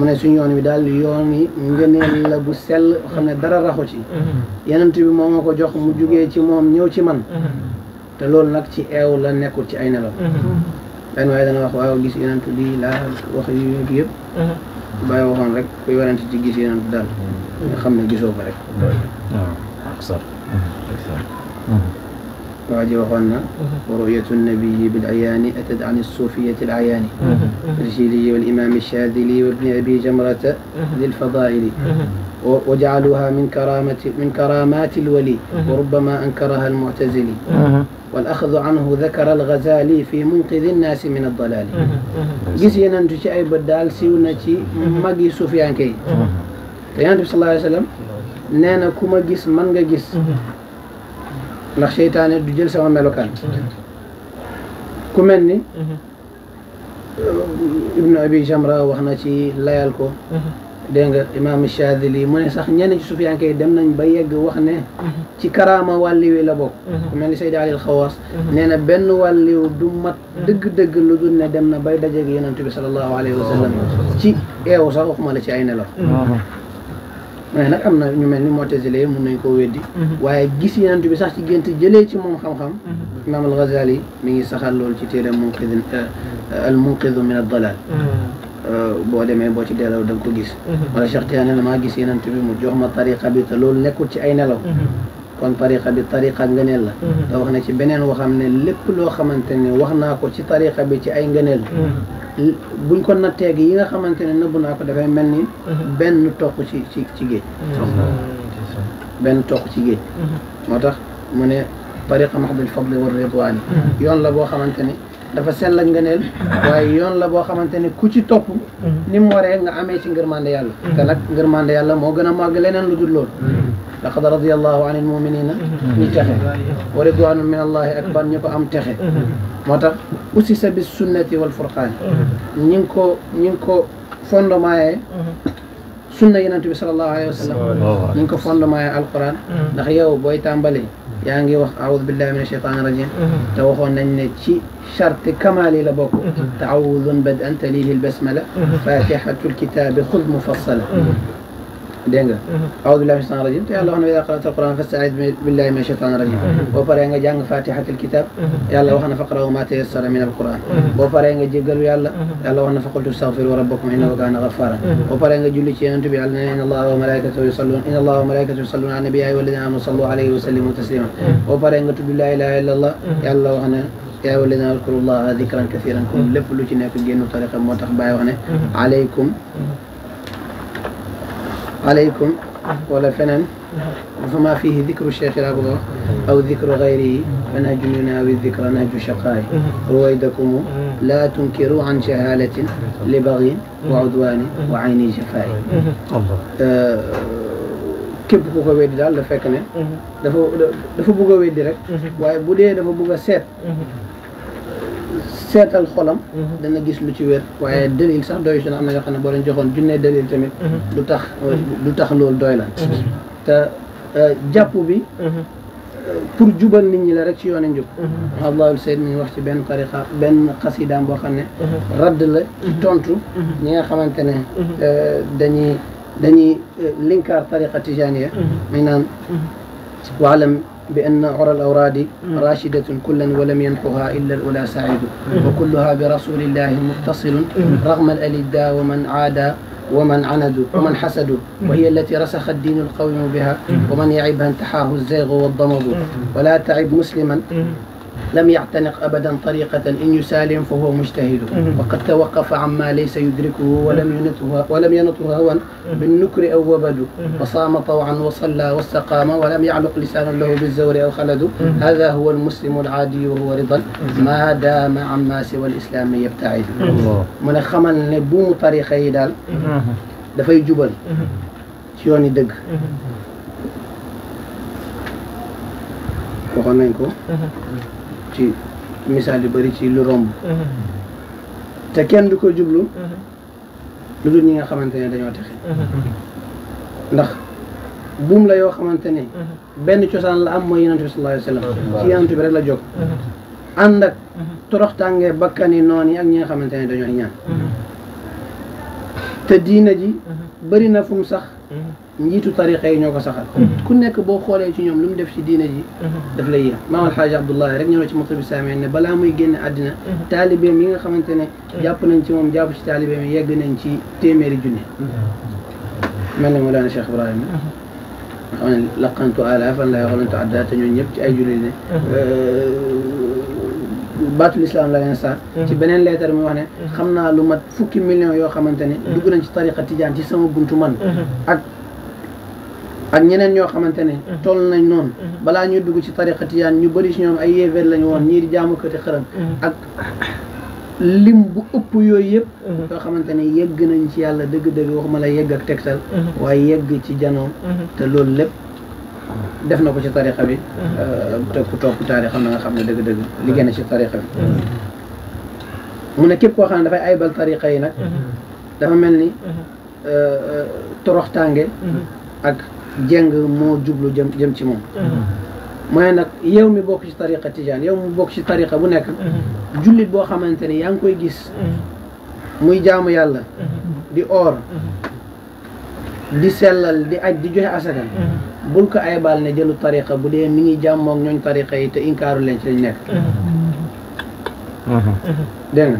Speaker 1: من سنيون بدال يوني من لا بسل خنا درا رخوتي ينمت بي موما كو جوخ مو جوغي تي موم نيو تي مان تا لول نك تي ايو لا نيكو تي اينلا بن واي دانا واخ واو غيس ينمت لي لا واخ يي ييب باي رك كوي ورانتي تي غيس ينمت دال خامنا غيسو
Speaker 2: نعم أقصر
Speaker 1: وعلي وغنى ورؤية النبي بالعيان أتت عن الصوفية العيان الجيلي والإمام الشاذلي وابن أبي جمرة للفضائل وجعلوها من كرامة من كرامات الولي وربما أنكرها المعتزلي والأخذ عنه ذكر الغزالي في منقذ الناس من الضلال جزينا نتشي أي بدال سيونا سوفيان جيسو في عنكي صلى الله عليه وسلم nee na ku ma gis man nga gis mm-hmm. ndax seytaane du jël sama melokaan mm-hmm. ku mel ni mm-hmm. ibnu abi jamra wax na ci layal ko dégg nga imaam Shaadili mu ne sax ñenn sufiyanke yi dem nañ ba yegg wax ne ci karaama wàlli la bokk ku mel ni Seydi Ali Alxawaas nee na benn wàlliw du mat dëgg-dëgg lu dul ne dem na bay dajeeg yonent bi sallallahu alayhi wa ci eew sax waxuma la ci ay nelaw mais nag am na ñu mel ni Mu'tazila mun nañ koo weddi waaye gis yonent bi sax ci gént jëlee ci moom xam-xam imaam al-Ghazali mi ngi saxal loolu ci téere munqidin al munqidu min ad-dalal boo demee boo ci delloo da nga ko gis wala Cheikh Tidiane la maa gis yonent bi mu jox ma tariqa bi te loolu nekkul ci ay nelaw kon tariqa bi tariqa ngëneel la da wax na ci benen waxam ne lépp lo xamantene wax na ko ci tariqa bi ci ay ngëneel buñ ko natte natteeg yi nga xamantene ne na ko dafay mel ni benn toq ci ci ci géej ben tok ci géej motax tax mu ne tariqa mahdul fadl war ridwan yon la bo xamantene dafa seen la ngëneel waaye yoon la boo xamante ne ku ci topp ni mu waree nga amee ci ngërmande yàlla te nag ngërmande yàlla moo gën a màgg leneen lu dul loolu laqad radiyallahu anil muminina ñi texe wa ridwanun min allahi akbar ñu ko am texe moo tax aussi sa bis sunnati wal furqaan ñi ngi ko ñi ko fondement yee sunna yonent bi sallallahu alayhi wa sallam ñi ko fondement yee alquran ndax yow booy tàmbali يعني أعوذ بالله من الشيطان الرجيم توخون أن شرط كمالي لبوكو تعوذ بد أنت ليه البسملة فاتحة الكتاب خذ مفصلة dégg nga aoudu billahi min shaytan rajim te yàlla wax na ida qara'ta alquran fasta'iz billahi min shaytan rajim boo paree nga jàng fatihatul kitab yàlla wax na faqra'u ma tayassara min alquran boo paree nga jéggalu yàlla yàlla wax na faqul tastaghfiru rabbakum innahu kana ghaffara boo paree nga julli ci yonent bi yàlla ne inna allaha wa malaikatahu yusalluna inna allaha wa malaikatahu yusalluna ala nabiyyi wa alladhina amanu sallu alayhi wa sallimu taslima boo paree nga tudd la ilaha illa allah yàlla wax na yaa walladina adkuru allaha dhikran kathiran kon lépp lu ci nekk génnu tariqa moo tax bàyyi wax ne alaykum عليكم ولا فنن فما فيه ذكر الشيخ الأكبر أو ذكر غيره فنهج يناوي الذكر نهج شقائه رويدكم لا تنكروا عن جهالة لبغي وعدوان وعيني جفاء الله képp ku ko weddi daal da fekk ne dafa dafa bëgg a weddi rek waaye bu seetal xolam dana gis lu ci wér waaye dalil sax doy si na am na yoo xam ne boo leen joxoon junne dalil tamit du tax du tax loolu doy la te jàpp bi pour jubal nit ñi la rek ci yoon njub allahul sayd mi wax ci benn tariqa benn xasidaam boo xam ne radd la ci tontu ñi nga xamante ne dañuy dañuy linkaar tariqa tijaniya mi naan waalam بأن عرى الأوراد راشدة كلا ولم ينحها إلا الأولى سعيد وكلها برسول الله متصل رغم الألدا ومن عادى ومن عند ومن حسدوا وهي التي رسخ الدين القويم بها ومن يعبها انتحاه الزيغ والضمض ولا تعب مسلما لم يعتنق أبدا طريقة إن يسالم فهو مجتهد وقد توقف عما ليس يدركه ولم ينته ولم ينته هوى بالنكر أو وبد وصام طوعا وصلى واستقام ولم يعلق لسان له بالزور أو خلد هذا هو المسلم العادي وهو رضا ما دام عما سوى الإسلام يبتعد mu ne xamal ne buumu tarixa جبل daal يدق
Speaker 2: jubal
Speaker 1: ci misaal yu bëri ci lu romb te kenn du ko jublu lu dul ñi nga xamante ne dañoo texe ndax buum la yoo xamante ne benn cosaan la am mooy yonent bi sallallahu wa sallam ci yonent bi rek la jóg ànd ak torox tàngee bakkani noon yi ak ñi nga xamante ne dañoo ñaan te diina ji bëri na fu sax نجيتو طريقين نيوكا سخر كون نيك بو خولاي سي نيوم لوم ديف سي دينا جي داف لا يير ما وال حاج عبد الله رك نيو سي مصطفى سامي ان بلا موي ген ادنا طالب ميغا خامتاني جاب نان سي موم جاب سي طالب مي يغ نان سي تيميري جوني مل مولانا شيخ ابراهيم لقنت الاف لا يغلنت عدات نيو نيب سي اي جولي ني آه، بات الاسلام لا ينسى سي بنين ليتر مي وخني خمنا لو مات فوكي مليون يو خامتاني دغ سي طريقه تيجان سي سما بونتو مان اك ak ñeneen ñoo xamante ne mhm. toll nañ noonu mhm. balaa ñu dugg ci tariqa tijaan ñu bëri si ñoom ay yéeféer lañu woon ñii di jaamukati xërëm mhm. ak lim bu ëpp yooyu yëpp yoo xamante ne yegg ci yàlla dëgg-dëgg waxuma la yegg ak tegtal waaye yegg ci janoo te loolu lépp def na ko ci tariqa bi euh, te ku topp tariqa na nga xam ne dëgg-dëgg liggéey na ci tariqa bi mu ne képp koo xam ne dafay aybal tariqa yi nag dafa mel ni euh, euh, toroxtaange ak jeng moo jublu jëm jëm ci moom uh-huh. mooy nag yow mi bokk ci tariqa tijaan yow mi bokk ci tariqa bu nekk
Speaker 2: uh-huh.
Speaker 1: jullit boo xamante ni yaa ngi koy gis uh-huh. muy jaamu yàlla di oor di sellal di aj di joxe asakal bul ko ay baal ne jëlu tariqa bu dee mi ngi jàmmoog ñooñ tariqa yi te inkaaru leen ci lañ nekk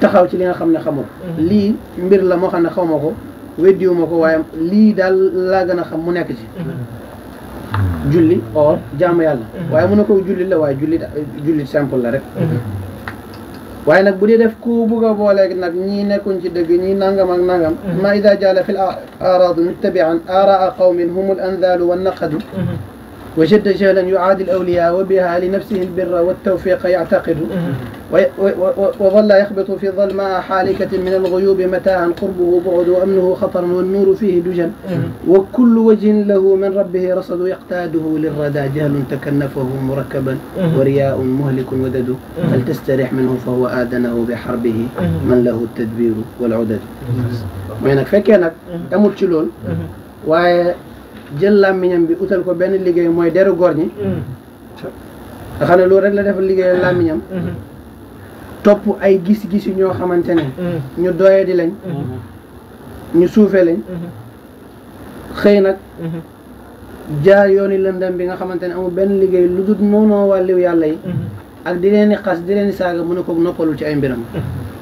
Speaker 1: taxaw ci li nga xam ne xamoo lii mbir la moo xam ne xaw ma ko ويديو مكو وايم لي دال لا غنا خم مو نيك سي جولي اور جام يالا واي مو نكو جولي لا واي جولي جولي سامبل لا ريك واي نك بودي ديف كو بوغا بوليك نك ني نيكون سي دغ ني نانغام اك نانغام ما اذا جال في الاراض متبعا اراء قوم هم الانذال والنقد وجد جهلا يعادي الاولياء وبها لنفسه البر والتوفيق يعتقد وظل يخبط في ظلماء حالكة من الغيوب متاعا قربه بعد وأمنه خطر والنور فيه دجن وكل وجه له من ربه رصد يقتاده للردى جهل تكنفه مركبا ورياء مهلك ودد هل تستريح منه فهو آدنه بحربه من له التدبير والعدد وينك فكينك fekkee nag وجل من ينبي أتلك بين اللي جاي utal ko benn liggéey mooy رجل اللي ñi nga xam topp ay gis-gisu ñoo xamante ne mm. ñu doye di lañ mm-hmm. ñu suufe lañ mm-hmm. xëy nag mm-hmm. jaar yooni lëndam bi nga xamante ne amul benn liggéey lu dul noonoo wàlliw yàlla yi ak di leen di xas di leen di saaga mu ne ko noppalul ci ay mbiram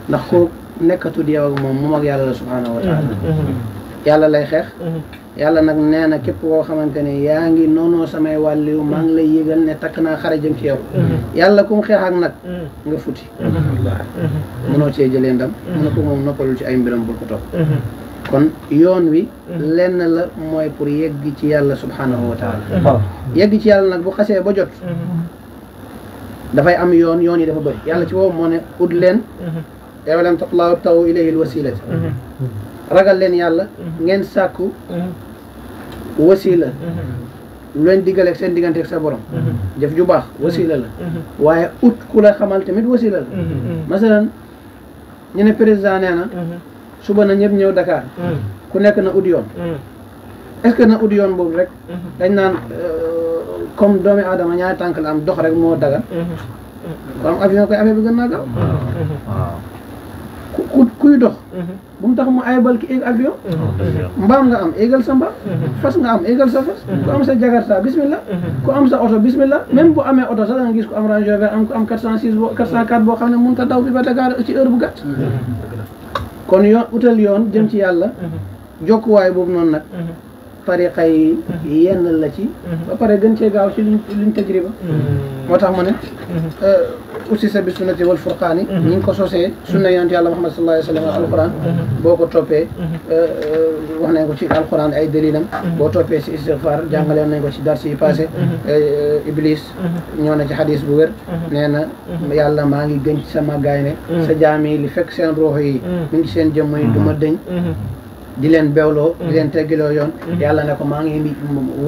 Speaker 1: ndax koo nekkatul yow ak moom moom ak yàlla la subhaanahu wa yàlla lay xeex yàlla nag nee na képp koo xamante ne yaa ngi noonoo samay wàlliw maa ngi lay yëgal ne takk naa xare jëm ci yow mm-hmm. yàlla ku mu xeex ak nag mm-hmm. nga futi waaw mm-hmm. mënoo cee ndam mu ko moom noppalul ci ay mbiram bul kon yoon wi lenn la mooy pour yegg ci yàlla subhanahu wa taala yegg ci yàlla nag bu xasee ba jot dafay am yoon yoon yi dafa bëri yàlla ci boobu moo ne ut leen yow leen taqlaaw taw ilayhi alwasilati ragal leen yàlla ngeen sàkku wasila
Speaker 2: mhm.
Speaker 1: lu leen diggaleeg seen diggante ak sa borom mhm. jëf ju baax mhm. wasila la waaye ut ku la xamal tamit wasila la masalan ñu ne président nee na suba na ñëpp ñëw Dakar ku nekk na ut yoon est-ce que na ut yoon boobu rek dañ naan euh, comme doomi aadama ñaari tànk la am dox rek moo dagan kon avion koy affaire bi gën naa gaaw ku kuy dox. Mhm. bu mu tax mu ayibal ki éeg avion. Mhm. Ah, mbaam nga am éegal sa mbaam. Mhm. fas nga am éegal sa fas. ku am sa jakarta bismillah. ku am sa oto bismillah même bu amee oto sax da nga gis ku am Range Rover am ku am boo xam ne mun ta daw bi ba Dakar ci heure bu gàtt. kon yoon utal yoon jëm ci yàlla. jokkuwaay boobu noonu nag. tariqa yenn la ci. ba pare gën cee gaaw ci luñ luñ tajriba. moo tax mu ne. Euh, ussisa bi sunnati wal furqaani mhm. ñi ngi ko sosee sunna yonent yàlla Muhammad sallallahu alayhi wa mhm. boo ko toppee mhm. euh, wax nañ ko ci alquran ay dalilam boo toppee si istighfar jàngale nañ ko ci dars yi passé euh, euh, iblis ñëw ci xadis bu wér nee maa ngi gën ci sama gaay sa jaam yi li fekk seen ruux yi mi seen jëmm yi du dëñ di leen bewloo di leen mm-hmm. teggiloo yoon mm-hmm. yàlla ne ko maa ngi mi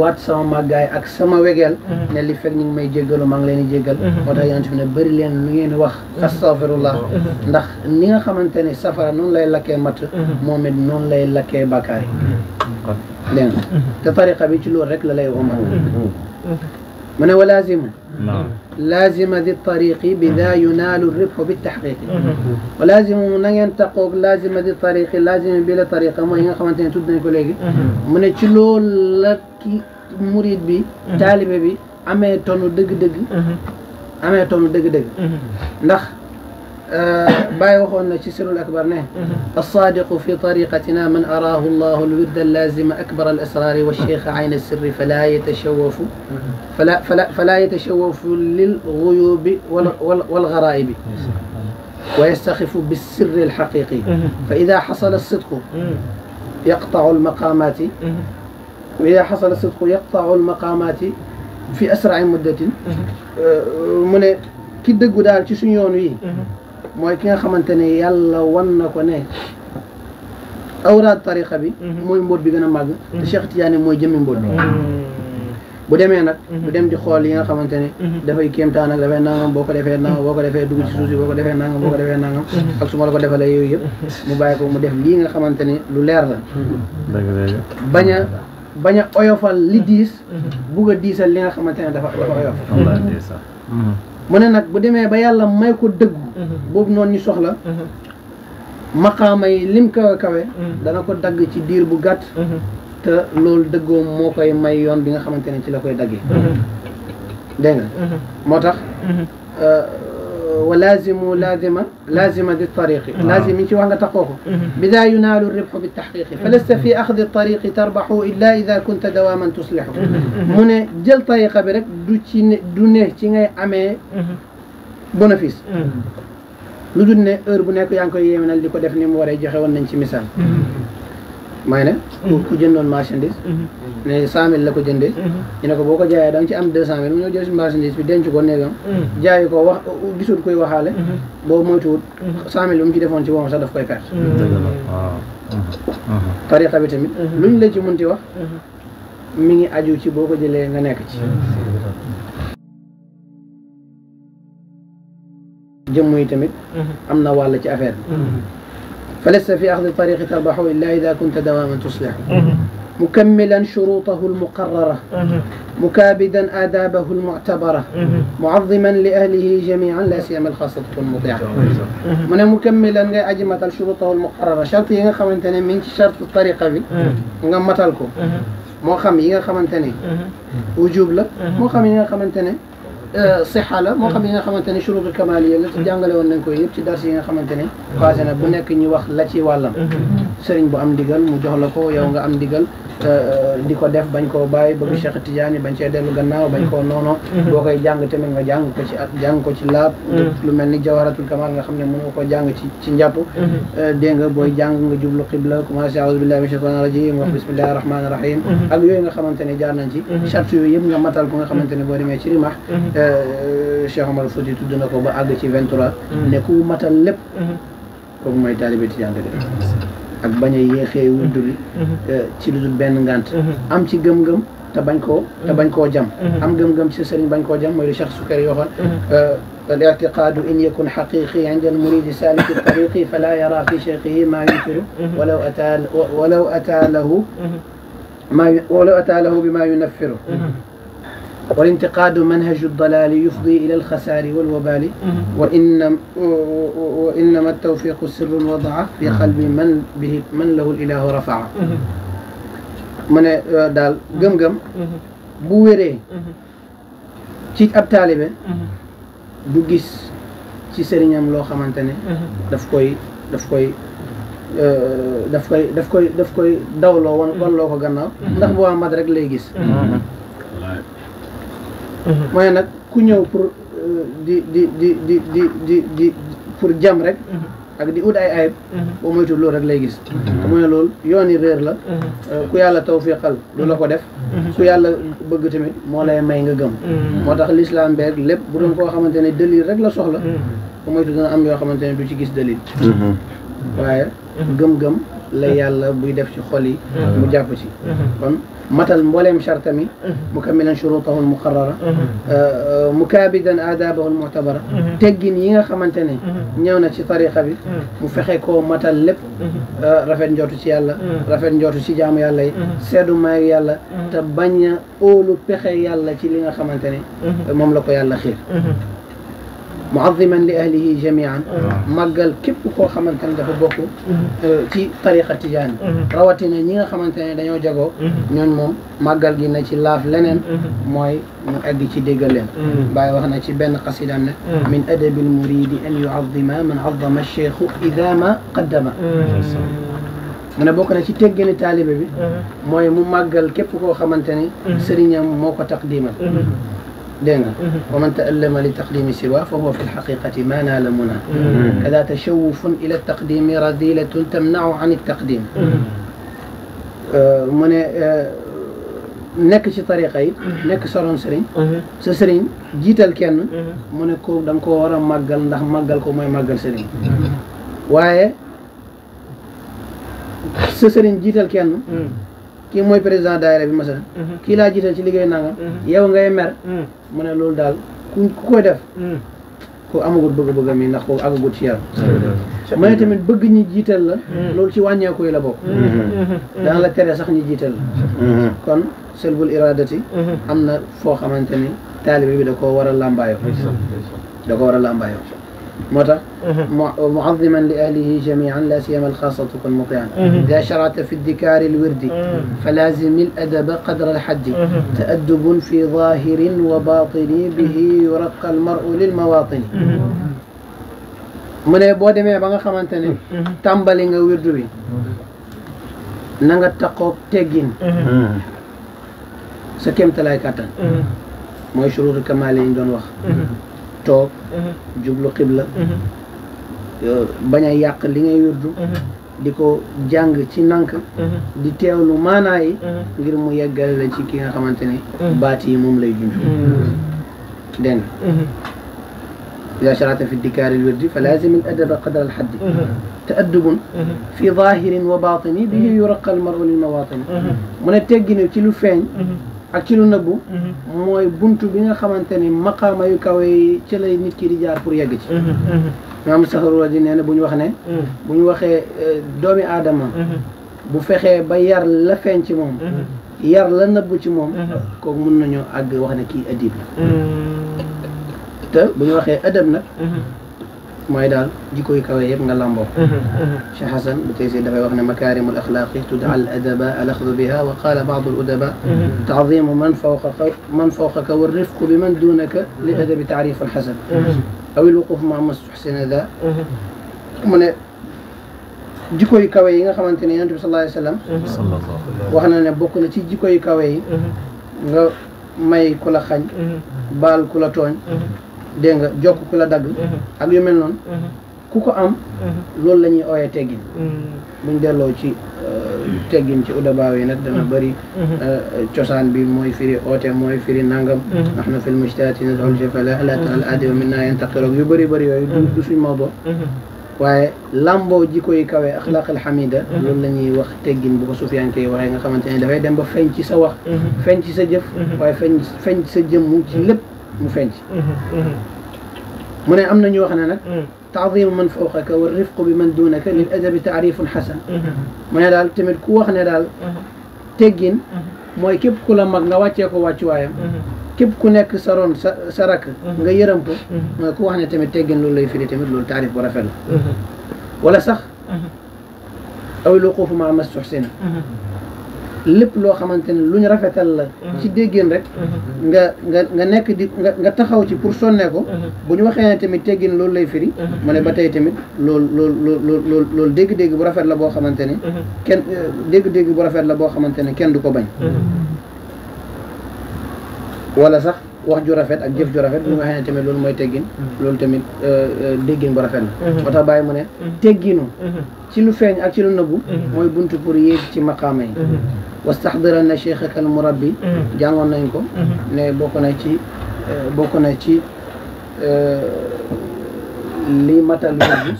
Speaker 1: waat sama màggaay ak sama wegeel mm-hmm. ne li fekk ñu may jéggalu maa ngi leen di jéggal moo tax yonent bi ne bëri leen lu ngeen wax astafirullah ndax ni nga xamante ne safara noonu lay lakkee matt moom it noonu lay lakkee bàkkaar yi dégg nga tariqa bi ci loolu rek la lay omo من هو لازم نعم لازم ذي الطريق بذا ينال الربح بالتحقيق ولازم من ينتقوك لازم ذي الطريق لازم بلا طريق ما هي من تدني كوليك من تشلو لك مريد بي طالب بي أمي تونو دق دق أمي تونو دق دق نخ باي وخونا سر الأكبر نه الصادق في طريقتنا من أراه الله الود اللازم أكبر الأسرار والشيخ عين السر فلا يتشوف فلا, فلا, فلا يتشوف للغيوب والغرائب ويستخف بالسر الحقيقي فإذا حصل الصدق يقطع المقامات وإذا حصل الصدق يقطع المقامات في أسرع مدة آه، من كده قدال تسنيون فيه mooy ki nga xamante ne yàlla wan na ko ne awraat tariqa bi mhm. mooy mbóot bi gën a mag mhm. te Cheikh Tidiane mooy jëmmi mbóot bi mhm. bu demee nag bu dem di xool yi nga xamante ne dafay kéemtaan nag dafay nangam boo ko defee nangam boo ko defee dugg ci suuf si boo ko defee nangam boo ko defee nangam ak su la ko defalee yooyu yëpp mu bàyyi ko mu def lii nga xamante ne lu leer la bañ a bañ a oyofal li diis bugg a diisal li nga xamante ne dafa dafa oyof mu ne nag bu demee ba yàlla may ko dëggu mhm. boobu noonu ñu soxla mhm. maqaama yi lim kawe kawe mhm. dana ko dagg ci diir bu gàtt te loolu dëggoom moo koy may yoon bi nga xamante ne ci la koy daggee dégg moo tax euh, ولازم لازمة لازمة للطريق آه. لازم انت وانا تقوه بذا ينال الربح بالتحقيق فلست في أخذ الطريق تربح إلا إذا كنت دواما تصلحه هنا جل طريقة برك دونه تنغي أمي بونفيس lu dul ne heure bu nekk yaa ngi koy yéemenal di ko def ni mu waree joxe ne cent la ko jëndee mhm. ñu ne ko boo ko jaayee da nga ci am deux cent mille mu ñëw jël si marchandise bi denc ko néegam mhm. jaayi ko wax gisul koy waxaale mhm. boo moytuwut cent mu ci defoon ci la ci munti wax mi ngi aju ci boo ko nga nekk ci jëmm yi tamit am na wàll ci affaire bi falasta fi axdi tariqi tarbaxu illa ida kunta dawaaman tuslixu مكملا شروطه المقررة مكابدا آدابه المعتبرة معظما لأهله جميعا لا سيما الخاصة المطيعة من مكملا أجمة شروطه المقررة شرط يغا خمنتني من شرط الطريقة في نغمتالكو نعم، لكم مو yi nga xamante ne wujub لك مو xam yi nga xamante Euh, sixa la moo xam yi nga xamante ne shurutul kamaliya la ci jàngale woon nañ ko yëpp ci dars yi nga xamante ne passé na bu nekk ñu wax la ci wàllam mm-hmm. sëriñ bu am ndigal mu jox la ko yow nga am ndigal euh, euh, di ko def bañ koo bàyyi bëgg mm-hmm. Cheikh Tidiane bañ cee dellu gannaaw bañ koo mm-hmm. noono boo koy jàng tamit nga jàng ko ci at jàng ko ci laab lu mel ni jawaratul kamal nga xam ne mënoo ko jàng ci ci njàpp dégg nga booy jàng nga jublu xibla commencé a'uuzu billahi mina shaytaani rajim wax bismillahi rahmaani rahim ak yooyu nga xamante ne jaar nañ ci charte yooyu yëpp nga matal ko nga xamante ne boo demee ci rimax Cheikh Omar Fouti tudd na ko ba àgg ci 23. ne ku matal lépp. kooku mooy taalibe tijaan bi ak bañ a yéexee wuddu bi ci lu ben benn ngànt am ci gëm-gëm te bañ koo te bañ koo jam am gëm-gëm ci sëriñ bañ koo jam mooy lu Cheikh Sukari waxoon الاعتقاد إن يكن حقيقي عند المريد سالك الطريق فلا يرى في شيخه ما ينكر ولو أتى ولو أتى له ما ولو أتى له بما ينفره والانتقاد منهج الضلال يفضي الى الخسار والوبال وان وانما التوفيق سر وضع في قلب من به من له الاله رفعه من دال غم غم بو ويري تي اب طالب دو غيس تي سيرنيام لو خامتاني داف كوي آه، داف كوي داف كوي داف كوي داولو وان لوكو غناو داخ بو امد رك لاي غيس mooy mm-hmm. nag ku ñëw pour euh, di di di di di di di pour jàmm rek
Speaker 2: mm-hmm.
Speaker 1: ak di ut ay ayib mm-hmm. boo moytu loolu rek lay gis mooy loolu yooni réer la euh, ku yàlla tawfiqal du la ko def ku yàlla bëgg tamit moo lay may nga gëm moo tax l'islam beeg lépp bu doon koo xamante ne dëlil rek la soxla boo moytu dana am yoo xamante ne du ci gis dëlil waaye gëm-gëm la yàlla buy def ci xol yi mu jàpp ci kon متى ولم شرتمي مكملا شروطه المقرره آه، آه، مكابدا ادابه المعتبره تجين ييغا خمانتني نيونا سي طريقه بي مو فخي كو متى لب آه، رافن جوتو سي يالا رافن جوتو سي جامو يالا سيدو ماي يالا تا باغنا اولو فخي يالا سي ليغا خمانتني موم لاكو يالا خير معظما لاهله جميعا آه. ما قال كيف كو خمانتاني دا بوكو تي آه، طريقه تجان رواتنا نيغا خمانتاني دا نيو جاغو نون موم ما قال جينا تي لاف لنن موي مو اغي تي ديغالين باي واخنا تي بن قصيده من ادب المريد ان يعظم من عظم الشيخ اذا ما قدم انا بوكو na ci téggéne talibé bi moy mu maggal képp koo xamante ni sëriñam دينا ومن تألم لتقديم سواه فهو في الحقيقة ما نال منى كذا تشوف إلى التقديم رذيلة تمنع عن التقديم آه، من آه، نكش طريقة نك سرون سرين سرين جيت الكيان من كو دم كو ورا مغل ده مغل كو ما مغل سرين واي سرين جيت الكيان kii mooy président daayira bi masala mhm. kii laa jiital ci liggéey nangam mhm. yow ngay mer mhm. mu ne loolu daal ku ku def ko amagut bëgg-bëgg mi ndax ko àggagut ci yaram ma ne tamit bëgg ñi jiital la loolu ci wàññeeku yi la
Speaker 2: bokk dana la tere sax ñi
Speaker 1: jiital la kon selbul iradati am na foo xamante ni taalibe bi da koo war a làmbaayoo da ko war a làmbaayoo متى؟ معظما لاهله جميعا لا سيما الخاصه المطيعه إذا شرعت في الذكار الورد فلازم الادب قدر الحد تادب في ظاهر وباطن به يرقى المرء للمواطن من يبغى دمي بعك خمان تاني تامبلينغ ويردوي نعك تقوك تجين سكيم تلاقي كاتن ما يشرور كمال يندون وح toog jublu xibla bañ a yàq li ngay yuddu di ko jàng ci nank di teewlu maanaa yi ngir mu yeggale la ci ki nga xamante ni baat yi moom lay junj den إذا شرعت في ادكار الورد فلازم الأدب قدر الحد تأدب في ظاهر وباطن به يرقى المرء للمواطن من التجن في لفين ak ci lu nëbbu. Mhm. mooy buntu bi nga xamante ni maqaama yu kaw yi ci lay nit ki di jaar pour yegg ci. Mhm, mhm. maam Saxaru di nee na bu ñu wax ne. bu ñu waxee euh, doomi aadama. bu fexee ba yar la feeñ ci moom. yar la nëbbu ci moom. kooku mun nañoo àgg wax ne kii adib la. te bu ñu waxee adab nag. mooy daal jikko yu kawe yëpp nga lamboo Cheikh Hasan bu tey si dafay wax ne makaarimul axlaaqi tud'a al adaba al axdu biha wa qaala baadu al udaba taadimu man fawqaka man fawqaka wa rifqu bi man dunaka li adabi taarif al xasan aw il wuquf ma mastuxsina da mu ne jikko yu kawe yi nga xamante ne yonent bi sallallahu alayhi wa sallam wax na ne bokk na ci jikko yu kawe yi nga may ku la xañ baal ku la tooñ dégg nga jokk ku la dagg mm-hmm. ak yu mel noonu mm-hmm. ku ko am mm-hmm. loolu la ñuy ooyee teggin buñ delloo ci euh, teggin ci udabaaw yi nag dana bëri euh, cosaan bi mooy firi oote mooy firi nangam nahnu fi lmujtaati nadul jafala alatal adiba min naa yantaqiroog yu bëri bëri yooyu du suñ moo bo waaye làmboo jikko yi kawee axlaaq alxamida loolu la ñuy wax teggin bu ko sufiyanke yi waxee nga xamante ne dafay dem ba feeñ ci sa wax feeñ ci sa jëf waaye feeñ feeñ ci sa jëmm ci lépp مفنج من أمن يوخنا نك تعظيم من فوقك والرفق بمن دونك للأدب تعريف حسن من هذا التمر كوخنا دال تجين ما يكب كل ما نواتي أكو واتواي كب كناك سرون سرك غيرهم بو ما كوخنا تمر تجين لولا يفيد تمر لول تعريف برفل ولا صح أو الوقوف مع مس حسين lépp loo xamante ne lu ñu rafetal la mhm. ci déggéen rek mhm. nga nga nga nekk di nga nga taxaw ci pour sonnee ko mhm. bu ñu waxee ne tamit teggin loolu lay firi mu ne ba tey tamit loolu loolu loolu loolu loolu dégg-dégg bu rafet la boo xamante ne kenn euh, dégg-dégg bu rafet la boo xamante ne kenn du ko bañ wala sax wax ju rafet ak jëf ju rafet bu nga xam ne tamit loolu mooy teggin mm-hmm. loolu tamit euh, euh, déggin bu rafet na ba mm-hmm. tax bàyyi mu ne mm-hmm. tegginu ci lu feeñ ak ci lu nëbbu mooy buntu pour yéeg ci maqaama yi wastaxdara na cheikhaka al murabbi jàngoon nañ ko ne bokk na ci euh, bokk na ci lii matal wurdu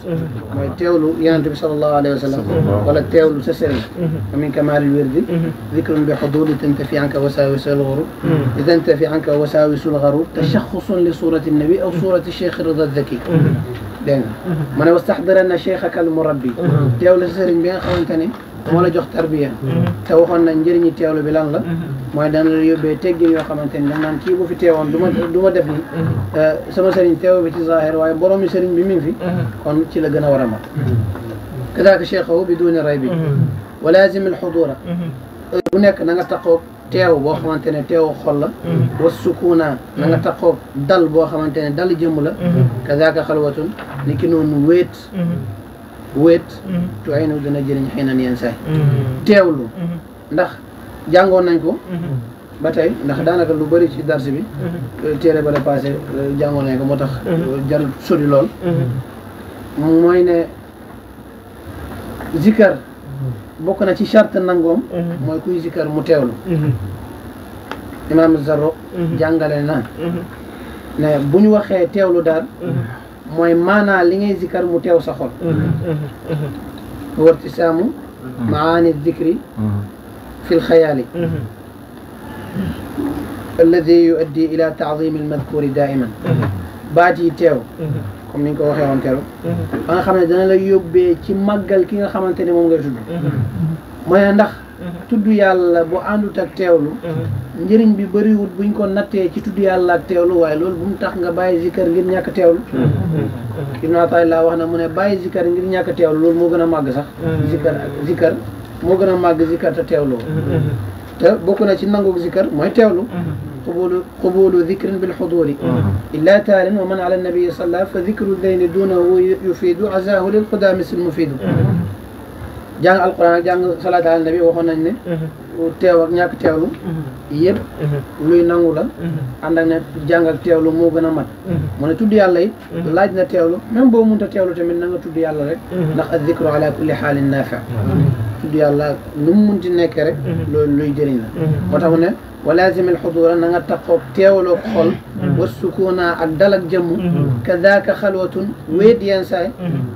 Speaker 1: mooy teewlu yonent bi sallallahu alayhi wa sallam wala teewlu sa sëriñ amin kamaalil wirdi dikrun bi xuduri tantafi anka wasaawisu lxurub li tantafi anka wasaawisu lxarub tashaxusun li surati nabi aw surati cheikh rida zaki دين من استحضر ان شيخك المربي تيول سيرن بين خونتني مولا جوخ تربيه تاو خون نان جيرني تيول بي لان لا موي دان لا يوبي تيغي يو خامتني نان كي بو في تيوان دوما دوما ديف ني أه، سما سيرن تيو بي تي ظاهر واي بروم سيرن بي مين في كون تي لا غنا ورا ما كذلك شيخه بدون ريب ولازم الحضور هناك نغا teew boo xamante ne teewu xol la mm-hmm. wa sukuuna na nga mm-hmm. taxoog dal boo xamante ne dal jëm la mm-hmm. kazaaka xalwatun ni ki noonu wéet wéet tuaynu dina jëriñ xëy nan yenn saay teewlu ndax jàngoon nañ ko ba tey ndax daanaka lu bari ci dars bi téere ba la passé euh, jàngoon nañ ko moo tax euh, jarul sori lool mooy ne zikar بكنا شيء شرط نعوم ما يكون يذكر متعول إمام الزرع جانغالينا نبنيو خير تعولو دار ما يمانا لين يذكر متعول سخر وارتسامه معاني الذكري في الخيال الذي يؤدي إلى تعظيم المذكور دائما باجي تعول comme ni ñu ko waxee woon keroog. Mhm. ba nga xam ne dana la yóbbee ci màggal ki nga xamante ne moom ngay tudd. mooy mhm. ndax. Mhm. tudd yàlla bu àndut ak teewlu. njëriñ bi bëriwut buñ ko nattee ci tudd yàlla ak teewlu waaye loolu bu mu tax nga bàyyi zikar ngir ñàkk teewlu. Ibn Ata'illah wax na mu ne bàyyi zikar ngir ñàkk teewlu loolu moo gën a màgg sax. zikar ak moo gën a màgg zikar te teewloo. te bokk na ci nangu zikar mooy teewlu. قبول قبول ذكر بالحضور الا تال ومن على النبي صلى الله فذكر الدين دونه يفيد عزاه للقدامس المفيد جان القران جان صلاه على النبي وخنا ني تيو اك نياك تيو ييب لوي نانغولا اندك ني جان اك تيو مو غنا مات مون تود يالا لاج نا تيو ميم بو مونتا تيو تامين نانغ تود يالا رك نخ الذكر على كل حال نافع تود يالا نوم مونتي نيك رك لوي جيرين لا موتاخ ولازم الحضور أن تقوب تيولوك خل والسكون أدل الجمو كذاك خلوة ويد ينسى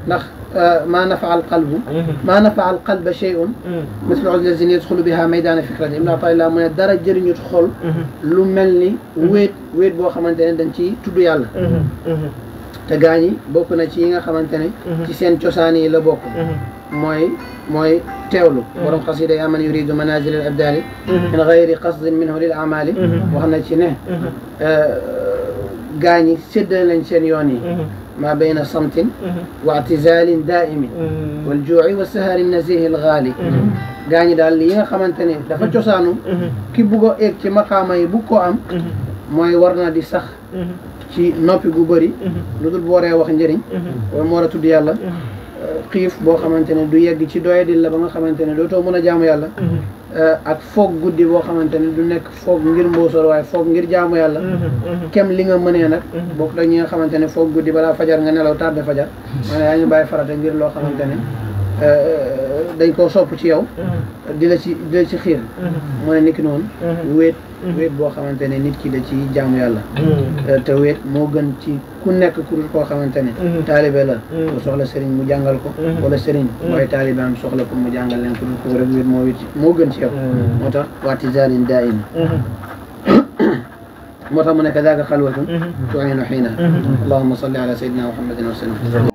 Speaker 1: نخ آه، ما نفع القلب ما نفع القلب شيء مثل الزين يدخل بها ميدان فكرة الإملاء طيلا من الدرجة يدخل lu mel ويد wéet wéet boo دنتي تدو يالا تغاني بوكو yàlla te gaañi bokk na ci mooy mooy teewlu borom xasida yaa man yuridu manazil al abdali min gayri qasdin minhu lil amali wax na ci ne gaa ñi séddale nañ seen yoon yi ما بين صمت واعتزال دائم والجوع والسهر النزيه الغالي gaañi daal li nga xamante ne dafa cosaanu ki bugg a eeg ci maqaama yi bugg ko am mooy war na di sax ci noppi gu bëri lu dul booree wax njëriñ wala moo war a tudd yàlla xiif boo xamante ne du yegg ci doyadil la ba nga xamante ne dootoo mën a jaamu yàlla mm-hmm. ak foog guddi boo xamante ne du nekk foog ngir mbuusal waaye foog ngir jaamu yàlla mm-hmm. kem li nga mënee nag mm-hmm. bokk da ñi nga xamante ne foog guddi balaa fajar nga nelaw tàbbi fajar ma ne yaa ngi bàyyi farata ngir loo xamante ne euh, dañ koo sopp ci yow di la ci xiir mu ne noonu wéet Mm-hmm. wéet boo xamante ne nit ki da ci jaamu yàlla mm-hmm. euh, te wéet moo gën ci ku nekk ku koo xamante ne mm-hmm. taalibe la soxla sëriñ mu jàngal ko wala sëriñ waaye taalibaam soxla ko mu jàngal leen ku dul ko rek wéet moo wéet moo gën ci yow moo tax waati zaalin daa ini moo tax mu nekk daaka xalwatun tuinu xiina allahuma salli ala sayyidina muhammadin wa